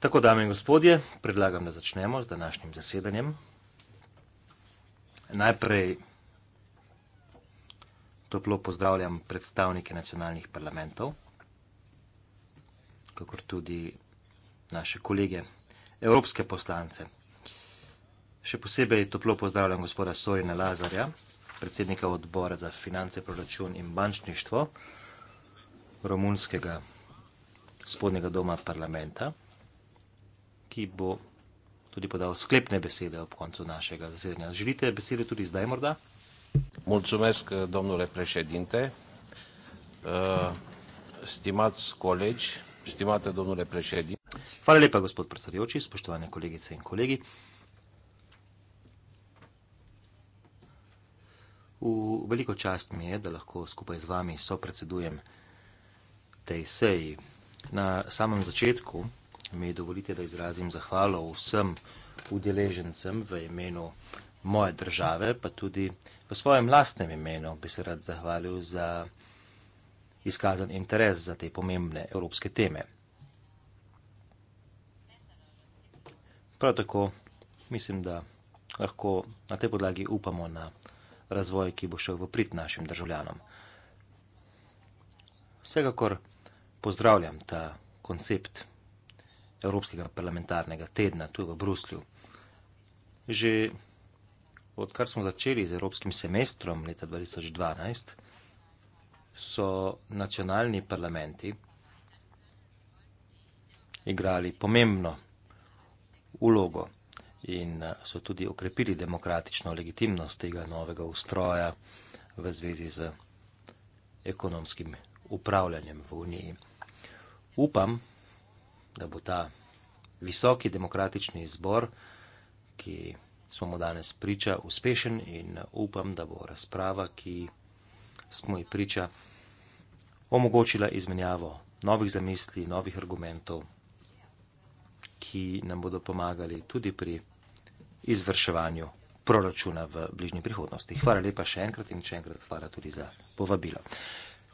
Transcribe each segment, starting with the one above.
Tako, dame in gospodje, predlagam, da začnemo z današnjim zasedanjem. Najprej toplo pozdravljam predstavnike nacionalnih parlamentov, kakor tudi naše kolege, evropske poslance. Še posebej toplo pozdravljam gospoda Sojne Lazarja, predsednika odbora za finance, proračun in bančništvo, romunskega spodnjega doma parlamenta, ki bo tudi podal sklepne besede ob koncu našega zasedanja. Želite besede tudi zdaj morda? Mulțumesc, domnule președinte, eh, stimați colegi, stimate domnule președinte. Hvala lepa, gospod predsedujoči, spoštovane kolegice in kolegi. V veliko čast mi je, da lahko skupaj z vami sopredsedujem vsega, tej seji. Na samem začetku mi dovolite, da izrazim zahvalo vsem udeležencem v imenu moje države, pa tudi v svojem lastnem imenu bi se rad zahvalil za izkazan interes za te pomembne evropske teme. Prav tako mislim, da lahko na tej podlagi upamo na razvoj, ki bo šel v prid našim državljanom. Vsekakor pozdravljam ta koncept Evropskega parlamentarnega tedna tu v Bruslju. Že odkar smo začeli z Evropskim semestrom leta 2012, so nacionalni parlamenti igrali pomembno ulogo in eh, so tudi okrepili demokratično legitimnost tega novega ustroja v zvezi z ekonomskim upravljanjem v Uniji upam, da bo ta visoki demokratični izbor, ki smo mu danes priča, uspešen in upam, da bo razprava, ki smo ji priča, omogočila izmenjavo novih zamisli, novih argumentov, ki nam bodo pomagali tudi pri izvrševanju proračuna v bližnji prihodnosti. Hvala lepa še enkrat in še enkrat hvala tudi za povabilo.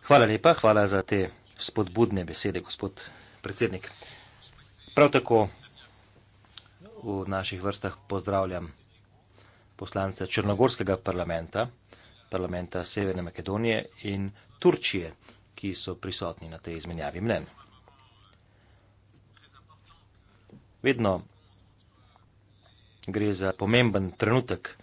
Hvala lepa, hvala za te spodbudne besede, gospod predsednik. Prav tako v naših vrstah pozdravljam poslance Črnogorskega parlamenta, parlamenta Severne Makedonije in Turčije, ki so prisotni na tej izmenjavi mnen. Vedno gre za pomemben trenutek,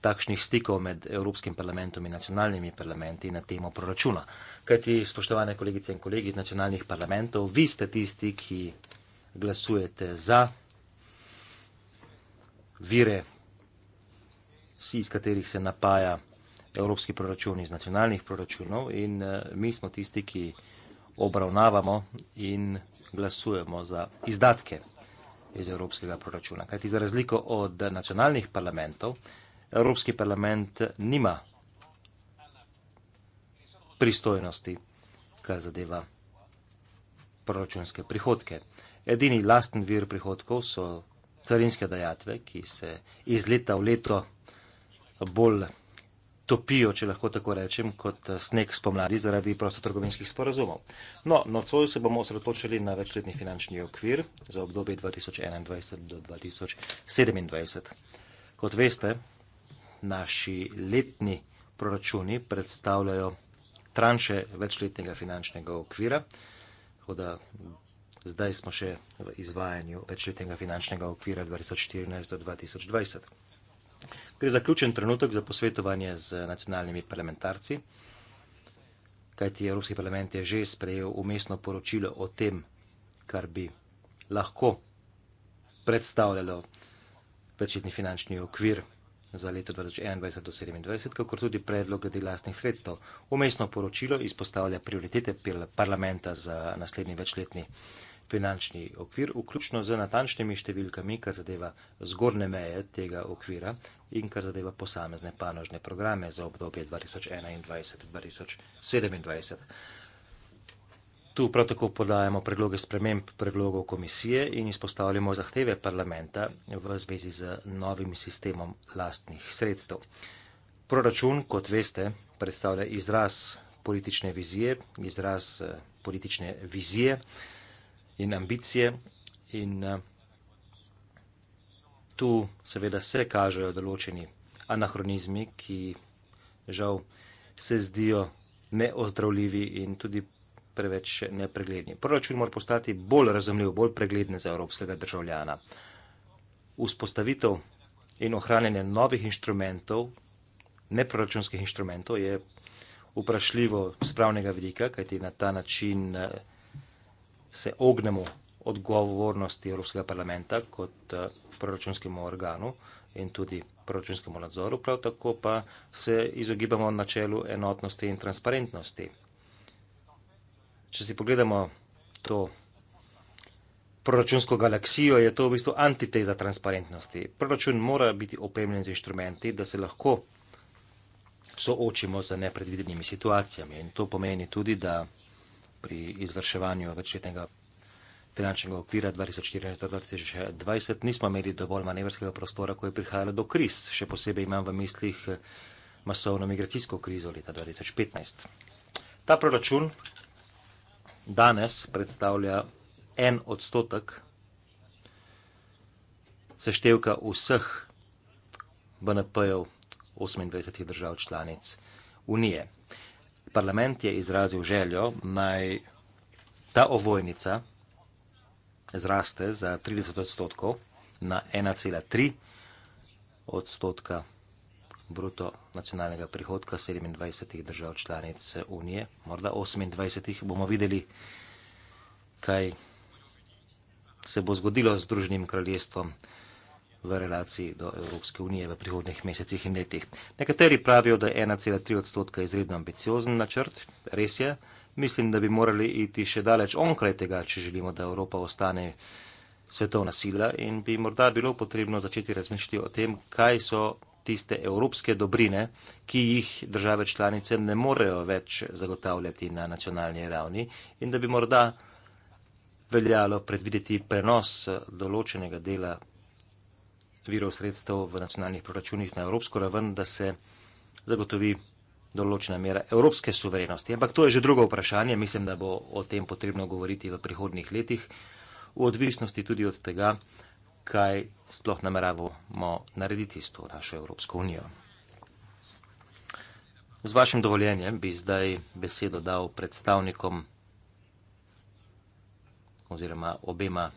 takšnih stikov med Evropskim parlamentom in nacionalnimi parlamenti na temo proračuna. Kajti, spoštovane kolegice in kolegi iz nacionalnih parlamentov, vi ste tisti, ki glasujete za vire, iz katerih se napaja Evropski proračun iz nacionalnih proračunov in eh, mi smo tisti, ki obravnavamo in glasujemo za izdatke iz Evropskega proračuna. Kajti, za razliko od nacionalnih parlamentov, Evropski parlament nima pristojnosti, kar zadeva proračunske prihodke. Edini lasten vir prihodkov so carinske dajatve, ki se iz leta v leto bolj topijo, če lahko tako rečem, kot sneg spomladi zaradi prostotrgovinskih sporazumov. No, nocoj se bomo osredotočili na večletni finančni okvir za obdobje 2021 do 2027. Kot veste, naši letni proračuni predstavljajo tranše večletnega finančnega okvira. Hoda, zdaj smo še v izvajanju večletnega finančnega okvira 2014 do 2020. Gre za ključen trenutek za posvetovanje z nacionalnimi parlamentarci, kajti Evropski parlament je že sprejel umestno poročilo o tem, kar bi lahko predstavljalo večletni finančni okvir 2014-2020 za leto 2021 do 2027, kakor tudi predlog glede lastnih sredstev. Umestno poročilo izpostavlja prioritete parlamenta za naslednji večletni finančni okvir, vključno z natančnimi številkami, kar zadeva zgornje meje tega okvira in kar zadeva posamezne panožne programe za obdobje 2021-2027. Tu prav tako podajamo predloge sprememb predlogov komisije in izpostavljamo zahteve parlamenta v zvezi z novim sistemom lastnih sredstev. Proračun, kot veste, predstavlja izraz politične vizije, izraz eh, politične vizije in ambicije in eh, tu seveda se kažejo določeni anahronizmi, ki žal se zdijo neozdravljivi in tudi pomembni preveč nepregledni. Proračun mora postati bolj razumljiv, bolj pregleden za evropskega državljana. Vzpostavitev in ohranjanje novih inštrumentov, neproračunskih inštrumentov, je vprašljivo z pravnega vidika, kajti na ta način eh, se ognemo odgovornosti Evropskega parlamenta kot eh, proračunskemu organu in tudi proračunskemu nadzoru, prav tako pa se izogibamo načelu enotnosti in transparentnosti če si pogledamo to proračunsko galaksijo, je to v bistvu antiteza transparentnosti. Proračun mora biti opremljen z inštrumenti, da se lahko soočimo z nepredvidenimi situacijami. In to pomeni tudi, da pri izvrševanju večletnega finančnega okvira 2014-2020 nismo imeli dovolj manevrskega prostora, ko je prihajalo do kriz. Še posebej imam v mislih masovno migracijsko krizo leta 2015. Ta proračun danes predstavlja en odstotek seštevka vseh BNP-jev 28 držav članic Unije. Parlament je izrazil željo naj ta ovojnica zraste za 30 odstotkov na 1,3 odstotka bruto nacionalnega prihodka 27 držav članic Unije, morda 28, bomo videli, kaj se bo zgodilo z Združenim kraljestvom v relaciji do Evropske unije v prihodnih mesecih in letih. Nekateri pravijo, da je 1,3 odstotka izredno ambiciozen načrt, res je. Mislim, da bi morali iti še daleč onkraj tega, če želimo, da Evropa ostane svetovna sila in bi morda bilo potrebno začeti razmišljati o tem, kaj so tiste evropske dobrine, ki jih države članice ne morejo več zagotavljati na nacionalni ravni in da bi morda veljalo predvideti prenos določenega dela virov sredstev v nacionalnih proračunih na evropsko raven, da se zagotovi določena mera evropske suverenosti. Ampak to je že drugo vprašanje, mislim, da bo o tem potrebno govoriti v prihodnih letih, v odvisnosti tudi od tega, kaj sploh nameravamo narediti s to našo Evropsko unijo. Z vašim dovoljenjem bi zdaj besedo dal predstavnikom oziroma obema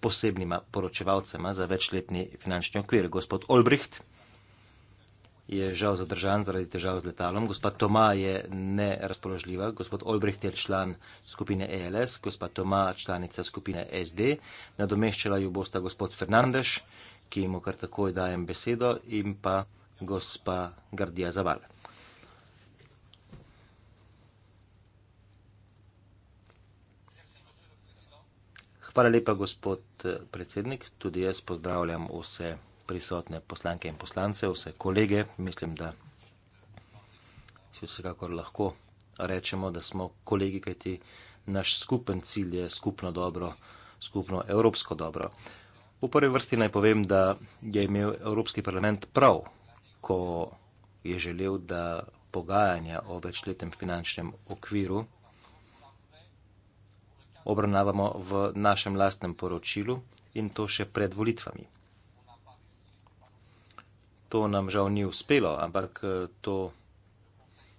posebnima poročevalcema za večletni finančni okvir, gospod Olbricht je žal zadržan zaradi težav z letalom, gospod Toma je nerazpoložljiva, gospod Olbricht je član skupine ELS, gospod Toma članica skupine SD, nadomeščala jo bosta gospod Fernandeš, ki mu kar takoj dajem besedo, in pa gospa Gardija Zaval. Hvala lepa, gospod eh, predsednik. Tudi jaz pozdravljam vse prisotne poslanke in poslance, vse kolege. Mislim, da si vsekakor lahko rečemo, da smo kolegi, kajti naš skupen cilj je skupno dobro, skupno evropsko dobro. V prvi vrsti naj povem, da je imel Evropski parlament prav, ko je želel, da pogajanja o večletnem finančnem okviru obravnavamo v našem lastnem poročilu in to še pred volitvami. To nam žal ni uspelo, ampak eh, to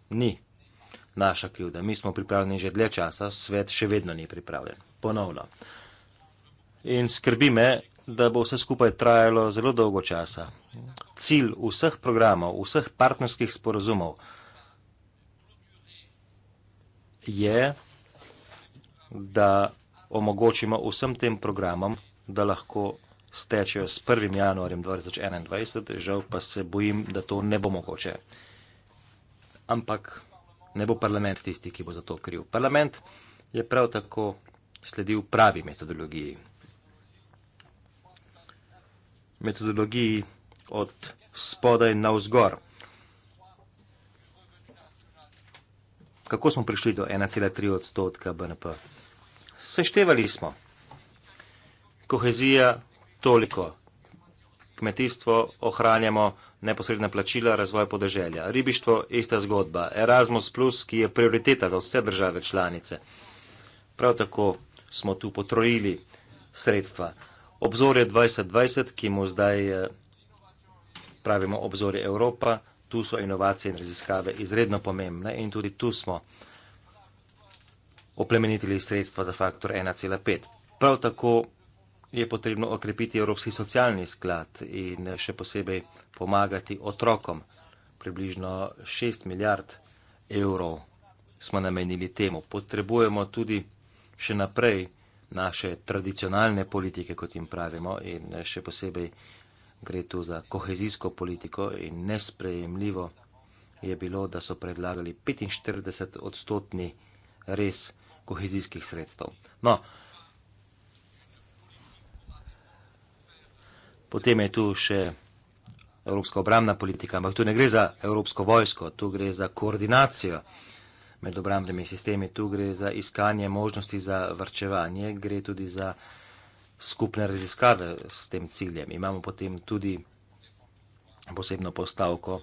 ni naša krivda. Mi smo pripravljeni že dlje časa, svet še vedno ni pripravljen. Ponovno. In skrbi me, da bo vse skupaj trajalo zelo dolgo časa. Cilj vseh programov, vseh partnerskih sporozumov je, da omogočimo vsem tem programom, da lahko stečejo s 1. januarjem 2021, žal pa se bojim, da to ne bo mogoče. Ampak ne bo parlament tisti, ki bo za to kriv. Parlament je prav tako sledil pravi metodologiji. Metodologiji od spodaj na vzgor. Kako smo prišli do 1,3 odstotka BNP? Seštevali smo. Kohezija toliko. Kmetijstvo ohranjamo neposredna plačila razvoja podeželja. Ribištvo ista zgodba. Erasmus plus, ki je prioriteta za vse države članice. Prav tako smo tu potrojili sredstva. Obzorje 2020, ki mu zdaj eh, pravimo obzorje Evropa, tu so inovacije in raziskave izredno pomembne in tudi tu smo oplemenitili sredstva za faktor 1,5. Prav tako je potrebno okrepiti Evropski socialni sklad in še posebej pomagati otrokom. Približno 6 milijard evrov smo namenili temu. Potrebujemo tudi še naprej naše tradicionalne politike, kot jim pravimo, in še posebej gre tu za kohezijsko politiko in nesprejemljivo je bilo, da so predlagali 45 odstotni res kohezijskih sredstev. No, Potem je tu še evropska obrambna politika, ampak tu ne gre za evropsko vojsko, tu gre za koordinacijo med obrambnimi sistemi, tu gre za iskanje možnosti za vrčevanje, gre tudi za skupne raziskave s tem ciljem. Imamo potem tudi posebno postavko,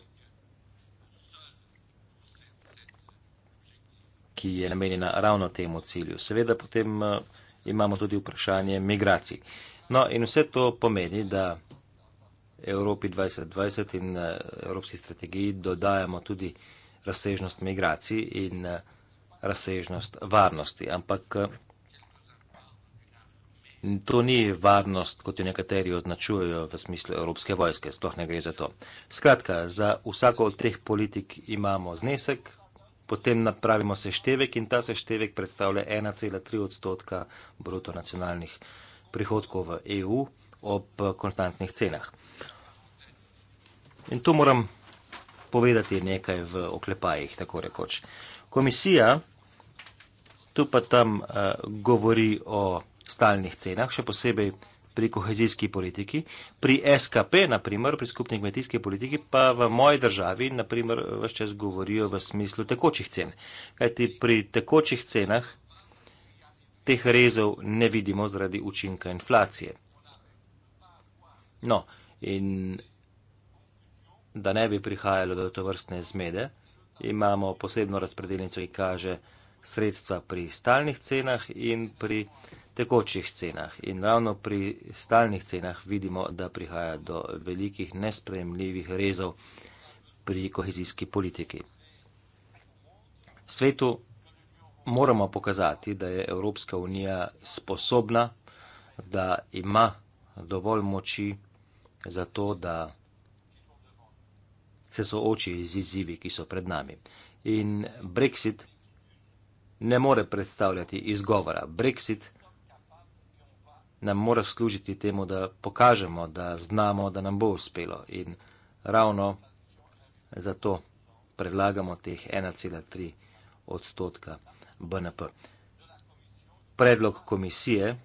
ki je namenjena ravno temu cilju. Seveda potem eh, imamo tudi vprašanje migracij. No, in vse to pomeni, da Evropi 2020 in eh, evropski strategiji dodajamo tudi razsežnost migracij in eh, razsežnost varnosti. Ampak eh, to ni varnost, kot jo nekateri označujejo v smislu evropske vojske, sploh ne gre za to. Skratka, za vsako od teh politik imamo znesek, potem napravimo seštevek in ta seštevek predstavlja 1,3 odstotka bruto nacionalnih prihodkov v EU ob konstantnih cenah. In tu moram povedati nekaj v oklepajih, tako rekoč. Komisija tu pa tam uh, govori o stalnih cenah, še posebej pri kohezijski politiki, pri SKP, naprimer, pri skupni kmetijski politiki, pa v moji državi, naprimer, vse čas govorijo v smislu tekočih cen. Kajti pri tekočih cenah teh rezov ne vidimo zaradi učinka inflacije. No, in da ne bi prihajalo do to vrstne zmede, imamo posebno razpredeljnico, ki kaže sredstva pri stalnih cenah in pri tekočih cenah. In ravno pri stalnih cenah vidimo, da prihaja do velikih nespremljivih rezov pri kohezijski politiki. Svetu moramo pokazati, da je Evropska unija sposobna, da ima dovolj moči za to, da se sooči z izzivi, ki so pred nami. In Brexit ne more predstavljati izgovora. Brexit nam mora služiti temu, da pokažemo, da znamo, da nam bo uspelo. In ravno zato predlagamo teh 1,3 odstotka. BNP. Predlog komisije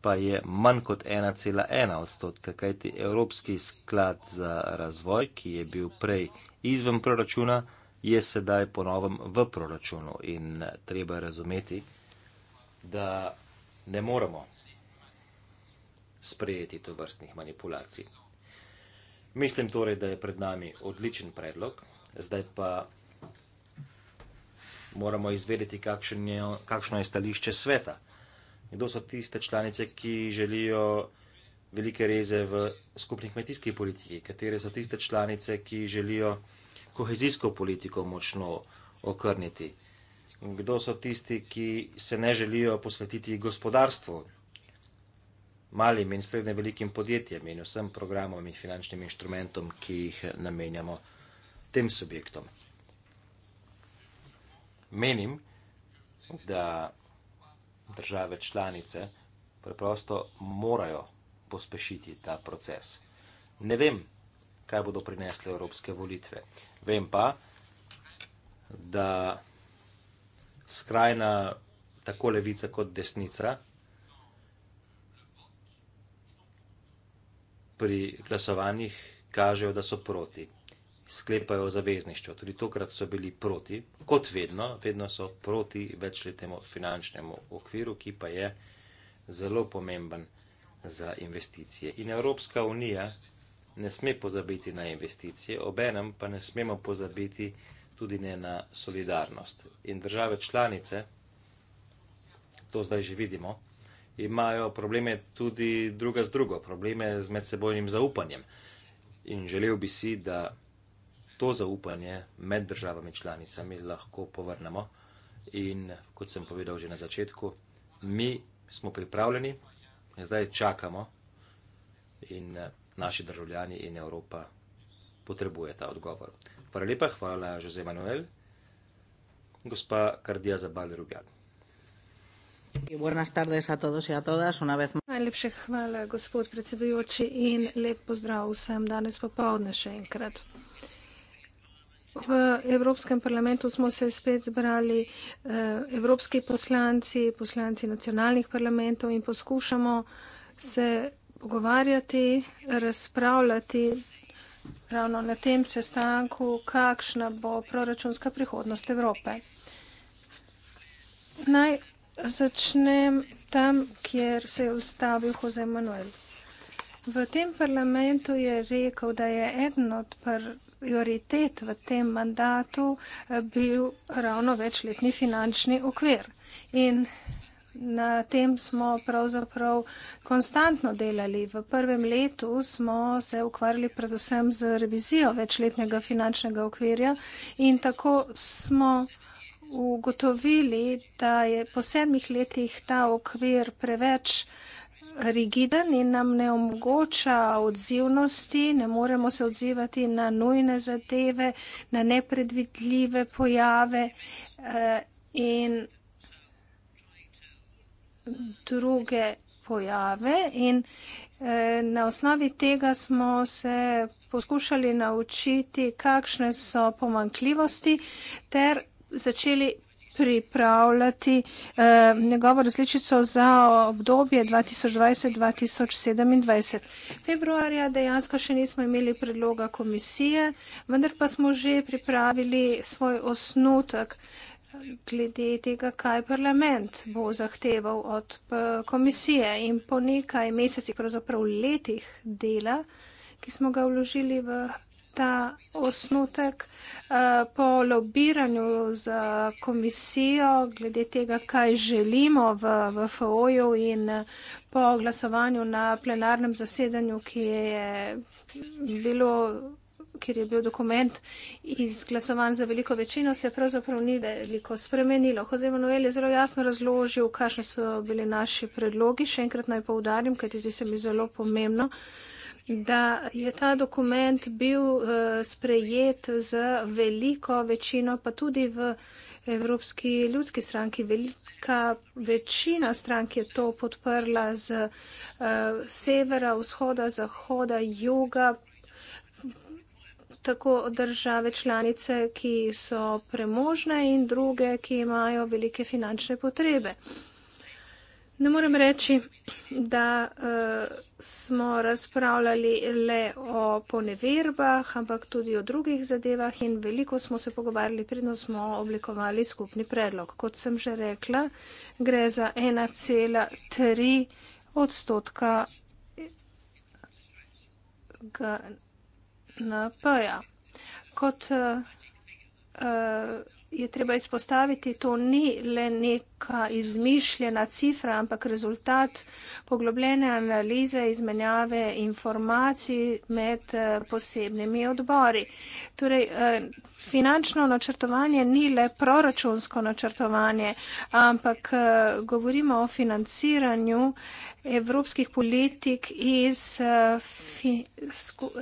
pa je manj kot 1,1 odstotka, kajti Evropski sklad za razvoj, ki je bil prej izven proračuna, je sedaj ponovem v proračunu in treba razumeti, da ne moremo sprejeti to vrstnih manipulacij. Mislim torej, da je pred nami odličen predlog, zdaj pa moramo izvedeti, je, kakšno je stališče sveta. Kdo so tiste članice, ki želijo velike reze v skupni kmetijski politiki, katere so tiste članice, ki želijo kohezijsko politiko močno okrniti. Kdo so tisti, ki se ne želijo posvetiti gospodarstvu, malim in srednje velikim podjetjem in vsem programom in finančnim inštrumentom, ki jih namenjamo tem subjektom menim, da države članice preprosto morajo pospešiti ta proces. Ne vem, kaj bodo prinesle evropske volitve. Vem pa, da skrajna tako levica kot desnica pri glasovanjih kažejo, da so proti sklepajo zavezništvo. Tudi tokrat so bili proti, kot vedno, vedno so proti večletnemu finančnemu okviru, ki pa je zelo pomemben za investicije. In Evropska unija ne sme pozabiti na investicije, obenem pa ne smemo pozabiti tudi ne na solidarnost. In države članice, to zdaj že vidimo, imajo probleme tudi druga z drugo, probleme z medsebojnim zaupanjem. In želel bi si, da to zaupanje med državami članicami lahko povrnemo. In kot sem povedal že na začetku, mi smo pripravljeni, zdaj čakamo in eh, naši državljani in Evropa potrebuje ta odgovor. Hvala lepa, hvala Jose Manuel, gospa Kardija Zabal Rubjan. Y buenas tardes a todos y a todas, una vez más. Najlepše hvala, gospod predsedujoči, in lep pozdrav vsem danes popovdne še enkrat. V Evropskem parlamentu smo se spet zbrali eh, evropski poslanci, poslanci nacionalnih parlamentov in poskušamo se pogovarjati, razpravljati ravno na tem sestanku, kakšna bo proračunska prihodnost Evrope. Naj začnem tam, kjer se je ustavil Jose Manuel. V tem parlamentu je rekel, da je eden od parlamentov, prioritet v tem mandatu eh, bil ravno večletni finančni okvir. In na tem smo pravzaprav konstantno delali. V prvem letu smo se ukvarjali predvsem z revizijo večletnega finančnega okvirja in tako smo ugotovili, da je po sedmih letih ta okvir preveč uh, rigiden in nam ne omogoča odzivnosti, ne moremo se odzivati na nujne zadeve, na nepredvidljive pojave eh, in druge pojave. In eh, na osnovi tega smo se poskušali naučiti, kakšne so pomankljivosti, ter začeli pripravljati eh, njegovo različico za obdobje 2020-2027. Februarja dejansko še nismo imeli predloga komisije, vendar pa smo že pripravili svoj osnutek glede tega, kaj parlament bo zahteval od eh, komisije in po nekaj mesecih, pravzaprav letih dela, ki smo ga vložili v ta osnutek eh, po lobiranju z komisijo glede tega, kaj želimo v, v FOJ-u in eh, po glasovanju na plenarnem zasedanju, ki je bilo ker je bil dokument izglasovan za veliko večino, se pravzaprav ni veliko spremenilo. Jose Manuel je zelo jasno razložil, kakšne so bili naši predlogi. Še enkrat naj poudarim, kajti zdi se mi zelo pomembno, uh, da je ta dokument bil eh, sprejet z veliko večino, pa tudi v Evropski ljudski stranki. Velika večina strank je to podprla z eh, severa, vzhoda, zahoda, juga. Tako države članice, ki so premožne in druge, ki imajo velike finančne potrebe. Uh, Ne morem reči, da uh, smo razpravljali le o poneverbah, ampak tudi o drugih zadevah in veliko smo se pogovarjali, predno smo oblikovali skupni predlog. Kot sem že rekla, gre za 1,3 odstotka GNP-ja. Kot uh, uh, je treba izpostaviti, to ni le nek neka izmišljena cifra, ampak rezultat poglobljene analize izmenjave informacij med eh, posebnimi odbori. Torej, eh, finančno načrtovanje ni le proračunsko načrtovanje, ampak eh, govorimo o financiranju evropskih politik iz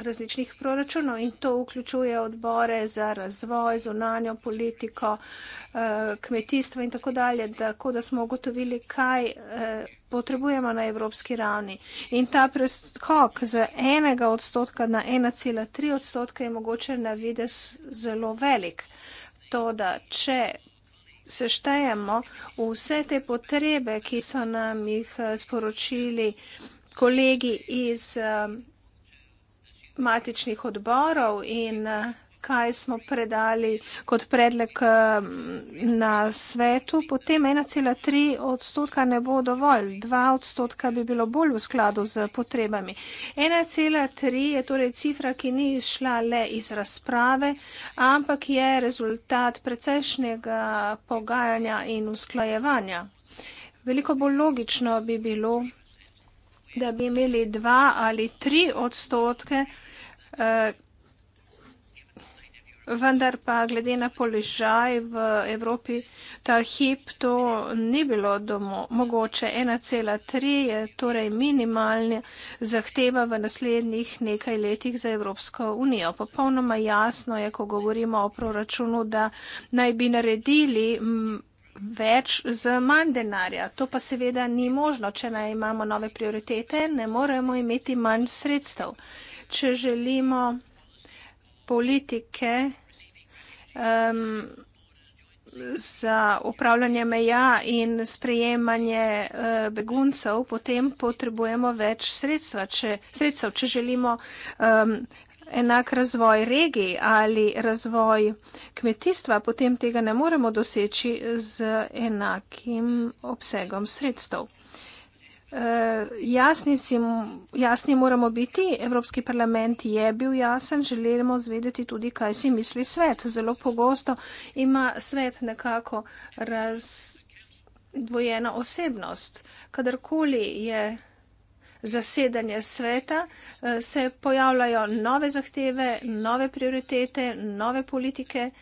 različnih proračunov in to vključuje odbore za razvoj, zunanjo politiko, kmetijstvo in tako dalje, da tako da smo ugotovili, kaj eh, potrebujemo na evropski ravni. In ta preskok z enega odstotka na 1,3 odstotka je mogoče na vides zelo velik. To, da če seštejemo vse te potrebe, ki so nam jih eh, sporočili kolegi iz eh, matičnih odborov in eh, kaj smo predali kot predlog um, na svetu, potem 1,3 odstotka ne bo dovolj, 2 odstotka bi bilo bolj v skladu z potrebami. 1,3 je torej cifra, ki ni šla le iz razprave, ampak je rezultat precejšnjega pogajanja in usklajevanja. Veliko bolj logično bi bilo, da bi imeli 2 ali 3 odstotke, eh, Vendar pa glede na položaj v Evropi, ta hip to ni bilo domo. mogoče. 1,3 je torej minimalna zahteva v naslednjih nekaj letih za Evropsko unijo. Popolnoma jasno je, ko govorimo o proračunu, da naj bi naredili več z manj denarja. To pa seveda ni možno, če naj imamo nove prioritete, ne moremo imeti manj sredstev. Če želimo politike um, za upravljanje meja in sprejemanje uh, beguncev, potem potrebujemo več sredstva. Če, sredstva, če želimo um, enak razvoj regij ali razvoj kmetijstva, potem tega ne moremo doseči z enakim obsegom sredstev. Jasni, si, jasni moramo biti, Evropski parlament je bil jasen, želimo zvedeti tudi, kaj si misli svet. Zelo pogosto ima svet nekako razdvojena osebnost. Kadarkoli je zasedanje sveta, eh, se pojavljajo nove zahteve, nove prioritete, nove politike. Uh,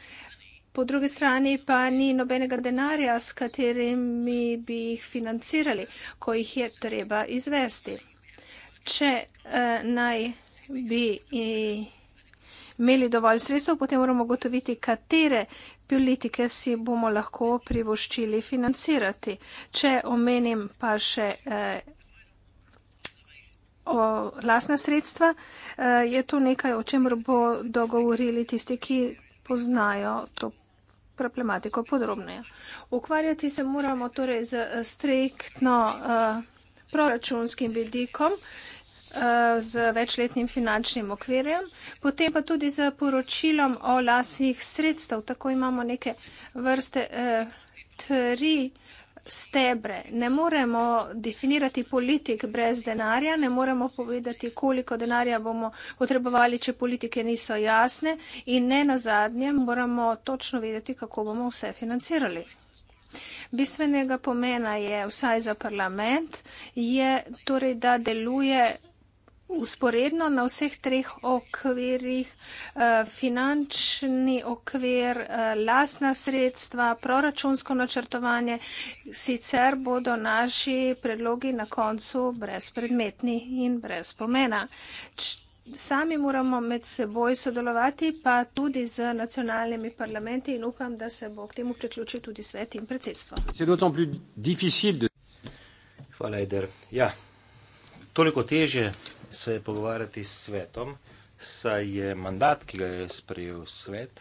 po drugi strani pa ni nobenega denarja, s katerimi bi jih financirali, ko jih je treba izvesti. Če eh, naj bi eh, imeli dovolj sredstev, potem moramo gotoviti, katere politike si bomo lahko privoščili financirati. Če omenim pa še eh, o lasna sredstva, eh, je to nekaj, o čem bo dogovorili tisti, ki poznajo to problematiko podrobneje. Ukvarjati se moramo torej z eh, striktno eh, proračunskim vidikom, eh, z večletnim finančnim okvirjem, potem pa tudi z poročilom o lasnih sredstev. Tako imamo neke vrste tri stebre. Ne moremo definirati politik brez denarja, ne moremo povedati, koliko denarja bomo potrebovali, če politike niso jasne in ne na zadnje moramo točno vedeti, kako bomo vse financirali. Bistvenega pomena je vsaj za parlament, je torej, da deluje usporedno na vseh treh okvirjih, eh, finančni okvir, eh, lastna sredstva, proračunsko načrtovanje, sicer bodo naši predlogi na koncu brezpredmetni in brez pomena. Sami moramo med seboj sodelovati, pa tudi z nacionalnimi parlamenti in upam, da se bo k temu priključil tudi svet in predsedstvo. Hvala, Eder. Ja, toliko teže se pogovarjati s svetom, saj je mandat, ki ga je sprejel svet,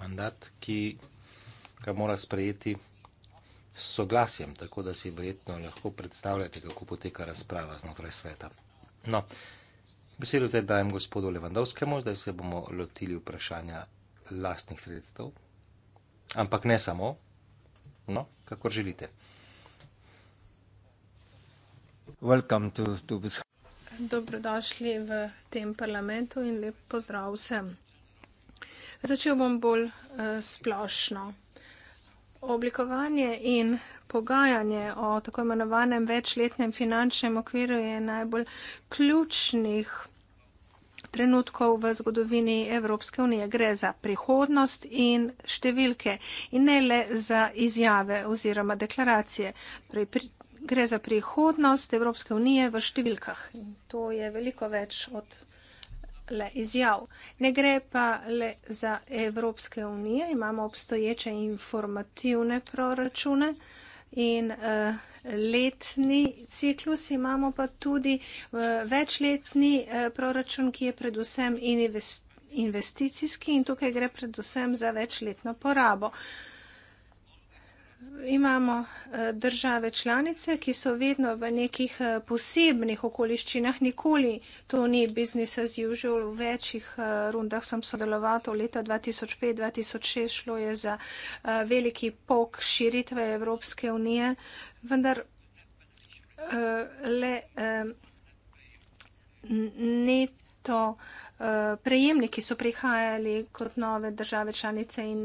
mandat, ki ga mora sprejeti s soglasjem, tako da si verjetno lahko predstavljate, kako poteka razprava znotraj sveta. No, besedo zdaj dajem gospodu Levandovskemu, zdaj se bomo lotili vprašanja lastnih sredstev, ampak ne samo, no, kakor želite. To, to Dobrodošli v tem parlamentu in lep pozdrav vsem. Začel bom bolj uh, splošno. Oblikovanje in pogajanje o tako imenovanem večletnem finančnem okviru je najbolj ključnih trenutkov v zgodovini Evropske unije. Gre za prihodnost in številke in ne le za izjave oziroma deklaracije. Torej, pri, gre za prihodnost Evropske unije v številkah. In to je veliko več od le izjav. Ne gre pa le za Evropske unije, imamo obstoječe informativne proračune in uh, letni ciklus, imamo pa tudi uh, večletni uh, proračun, ki je predvsem investicijski in tukaj gre predvsem za večletno porabo. Uh, imamo eh, države članice, ki so vedno v nekih eh, posebnih okoliščinah, nikoli to ni business as usual, v večjih eh, rundah sem sodeloval, to leta 2005-2006 šlo je za veliki pok širitve Evropske unije, vendar le ne to. Eh, prejemniki so prihajali kot nove države članice in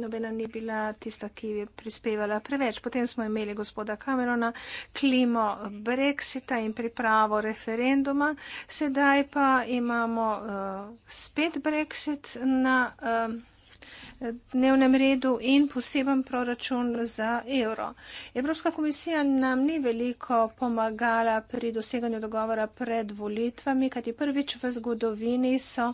nobena ni bila tista, ki je prispevala preveč. Potem smo imeli gospoda Camerona, klimo Brexita in pripravo referenduma, sedaj pa imamo uh, spet Brexit na. Uh, dnevnem redu in poseben proračun za evro. Evropska komisija nam ni veliko pomagala pri doseganju dogovora pred volitvami, kajti prvič v zgodovini so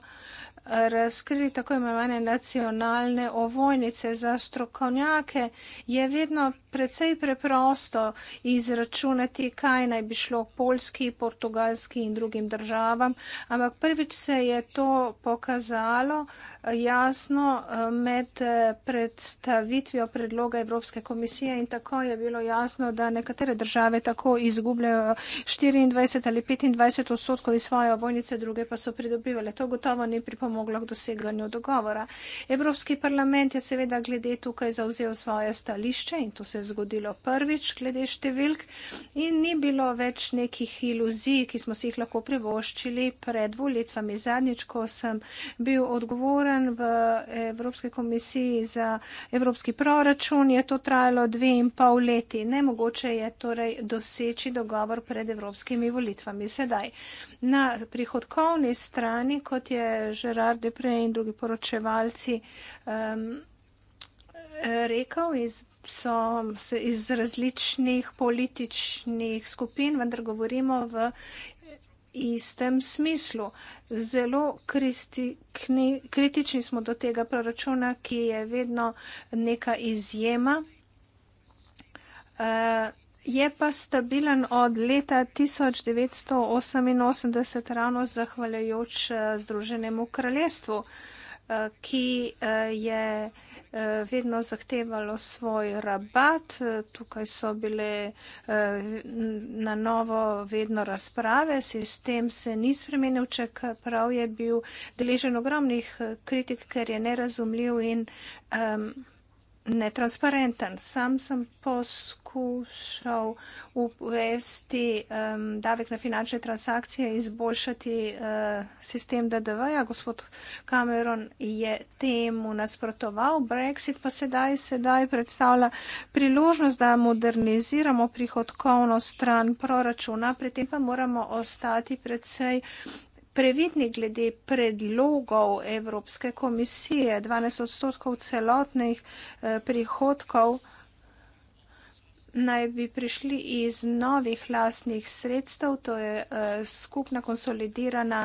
razkrili tako imenovane nacionalne ovojnice za strokovnjake, je vedno precej preprosto izračunati, kaj naj bi šlo polski, portugalski in drugim državam, ampak prvič se je to pokazalo eh, jasno eh, med eh, predstavitvijo predloga Evropske komisije in tako je bilo jasno, da nekatere države tako izgubljajo 24 ali 25 odstotkov iz svoje ovojnice, druge pa so pridobivali. To gotovo ni pripomoglo pripomoglo k doseganju dogovora. Evropski parlament je seveda glede tukaj zauzel svoje stališče in to se je zgodilo prvič glede številk in ni bilo več nekih iluzij, ki smo si jih lahko privoščili pred volitvami. Zadnjič, ko sem bil odgovoren v Evropski komisiji za Evropski proračun, je to trajalo dve in pol leti. Nemogoče je torej doseči dogovor pred evropskimi volitvami. Sedaj, na prihodkovni strani, kot je že rekel, Gerard Depre in drugi poročevalci um, rekel, iz, so se iz različnih političnih skupin, vendar govorimo v istem smislu. Zelo kristi, kni, kritični smo do tega proračuna, ki je vedno neka izjema. Uh, Je pa stabilen od leta 1988 ravno zahvaljujoč eh, Združenemu kraljestvu, eh, ki eh, je vedno zahtevalo svoj rabat. Tukaj so bile na novo vedno razprave, sistem se ni spremenil, čeprav je bil deležen ogromnih kritik, ker je nerazumljiv in. Um, netransparenten. Sam sem poskušal uvesti um, davek na finančne transakcije, izboljšati uh, sistem DDV. -ja. Gospod Cameron je temu nasprotoval. Brexit pa sedaj, sedaj predstavlja priložnost, da moderniziramo prihodkovno stran proračuna. Pri tem pa moramo ostati predvsej. Um, previdni glede predlogov Evropske komisije, 12 odstotkov celotnih eh, prihodkov naj bi prišli iz novih lastnih sredstev, to je eh, skupna konsolidirana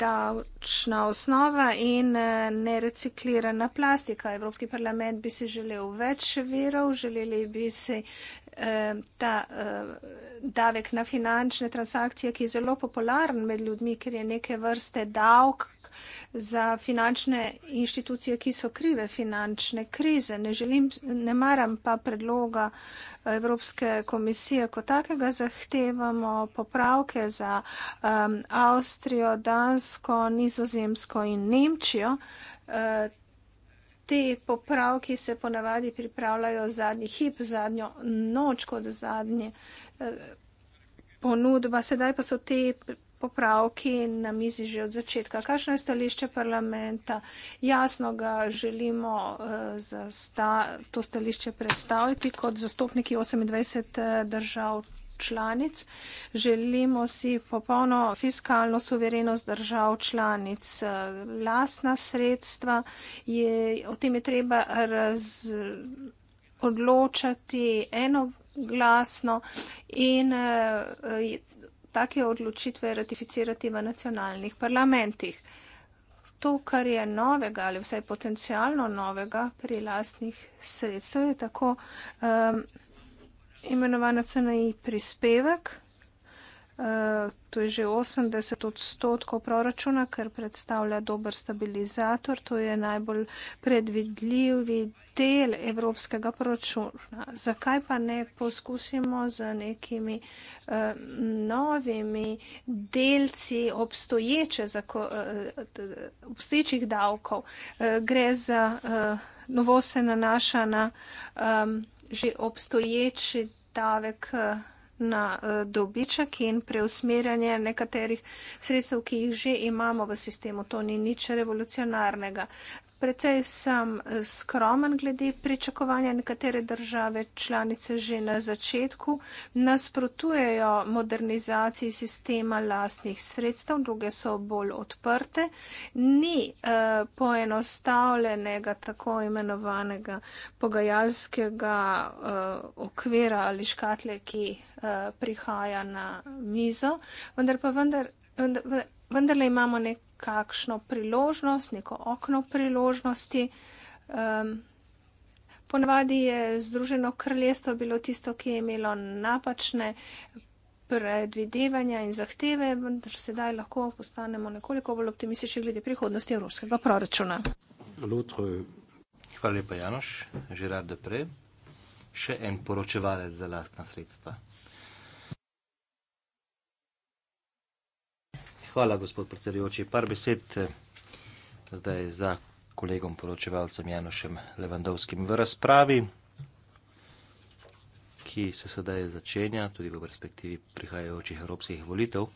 davčna osnova in eh, nereciklirana plastika. Evropski parlament bi si želel več virov, želeli bi si Eh, ta eh, davek na finančne transakcije, ki je zelo popularen med ljudmi, ker je neke vrste davk za finančne inštitucije, ki so krive finančne krize. Ne, želim, ne maram pa predloga Evropske komisije, ko takega zahtevamo popravke za um, Avstrijo, Dansko, Nizozemsko in Nemčijo. Uh, Te popravki se ponavadi pripravljajo zadnji hip, zadnjo noč kot zadnje eh, ponudba. Sedaj pa so te popravki na mizi že od začetka. Kakšno je stališče parlamenta? Jasno ga želimo eh, za sta, to stališče predstaviti kot zastopniki 28 eh, držav članic. Želimo si popolno fiskalno suverenost držav članic. Lastna sredstva, je, o tem je treba raz, odločati enoglasno in je, eh, take odločitve ratificirati v nacionalnih parlamentih. To, kar je novega ali vsaj potencialno novega pri lastnih sredstvih, je tako. Um, imenovana CNI prispevek. Uh, to je že 80 odstotkov proračuna, ker predstavlja dober stabilizator. To je najbolj predvidljivi del evropskega proračuna. Zakaj pa ne poskusimo z nekimi uh, novimi delci obstoječe zako, uh, obstoječih davkov? Uh, gre za uh, novo se nanaša na. Um, že obstoječi davek eh, na eh, dobiček in preusmerjanje nekaterih sredstev, ki jih že imamo v sistemu. To ni nič revolucionarnega precej sem eh, skromen glede pričakovanja. Nekatere države članice že na začetku nasprotujejo modernizaciji sistema lastnih sredstev, druge so bolj odprte. Ni eh, poenostavljenega tako imenovanega pogajalskega eh, okvira ali škatle, ki eh, prihaja na mizo, vendar pa vendar. vendar Vendarle imamo nek kakšno priložnost, neko okno priložnosti. Um, ponavadi je Združeno kraljestvo bilo tisto, ki je imelo napačne predvidevanja in zahteve, vendar sedaj lahko postanemo nekoliko bolj optimistični glede prihodnosti evropskega proračuna. Lutru. Hvala lepa, Janoš, Žirard Depre, še en poročevalec za lastna sredstva. Hvala, gospod predsedujoči. Par besed eh, zdaj za kolegom poročevalcem Janošem Levandovskim. V razpravi, ki se sedaj začenja, tudi v perspektivi prihajajočih evropskih volitev,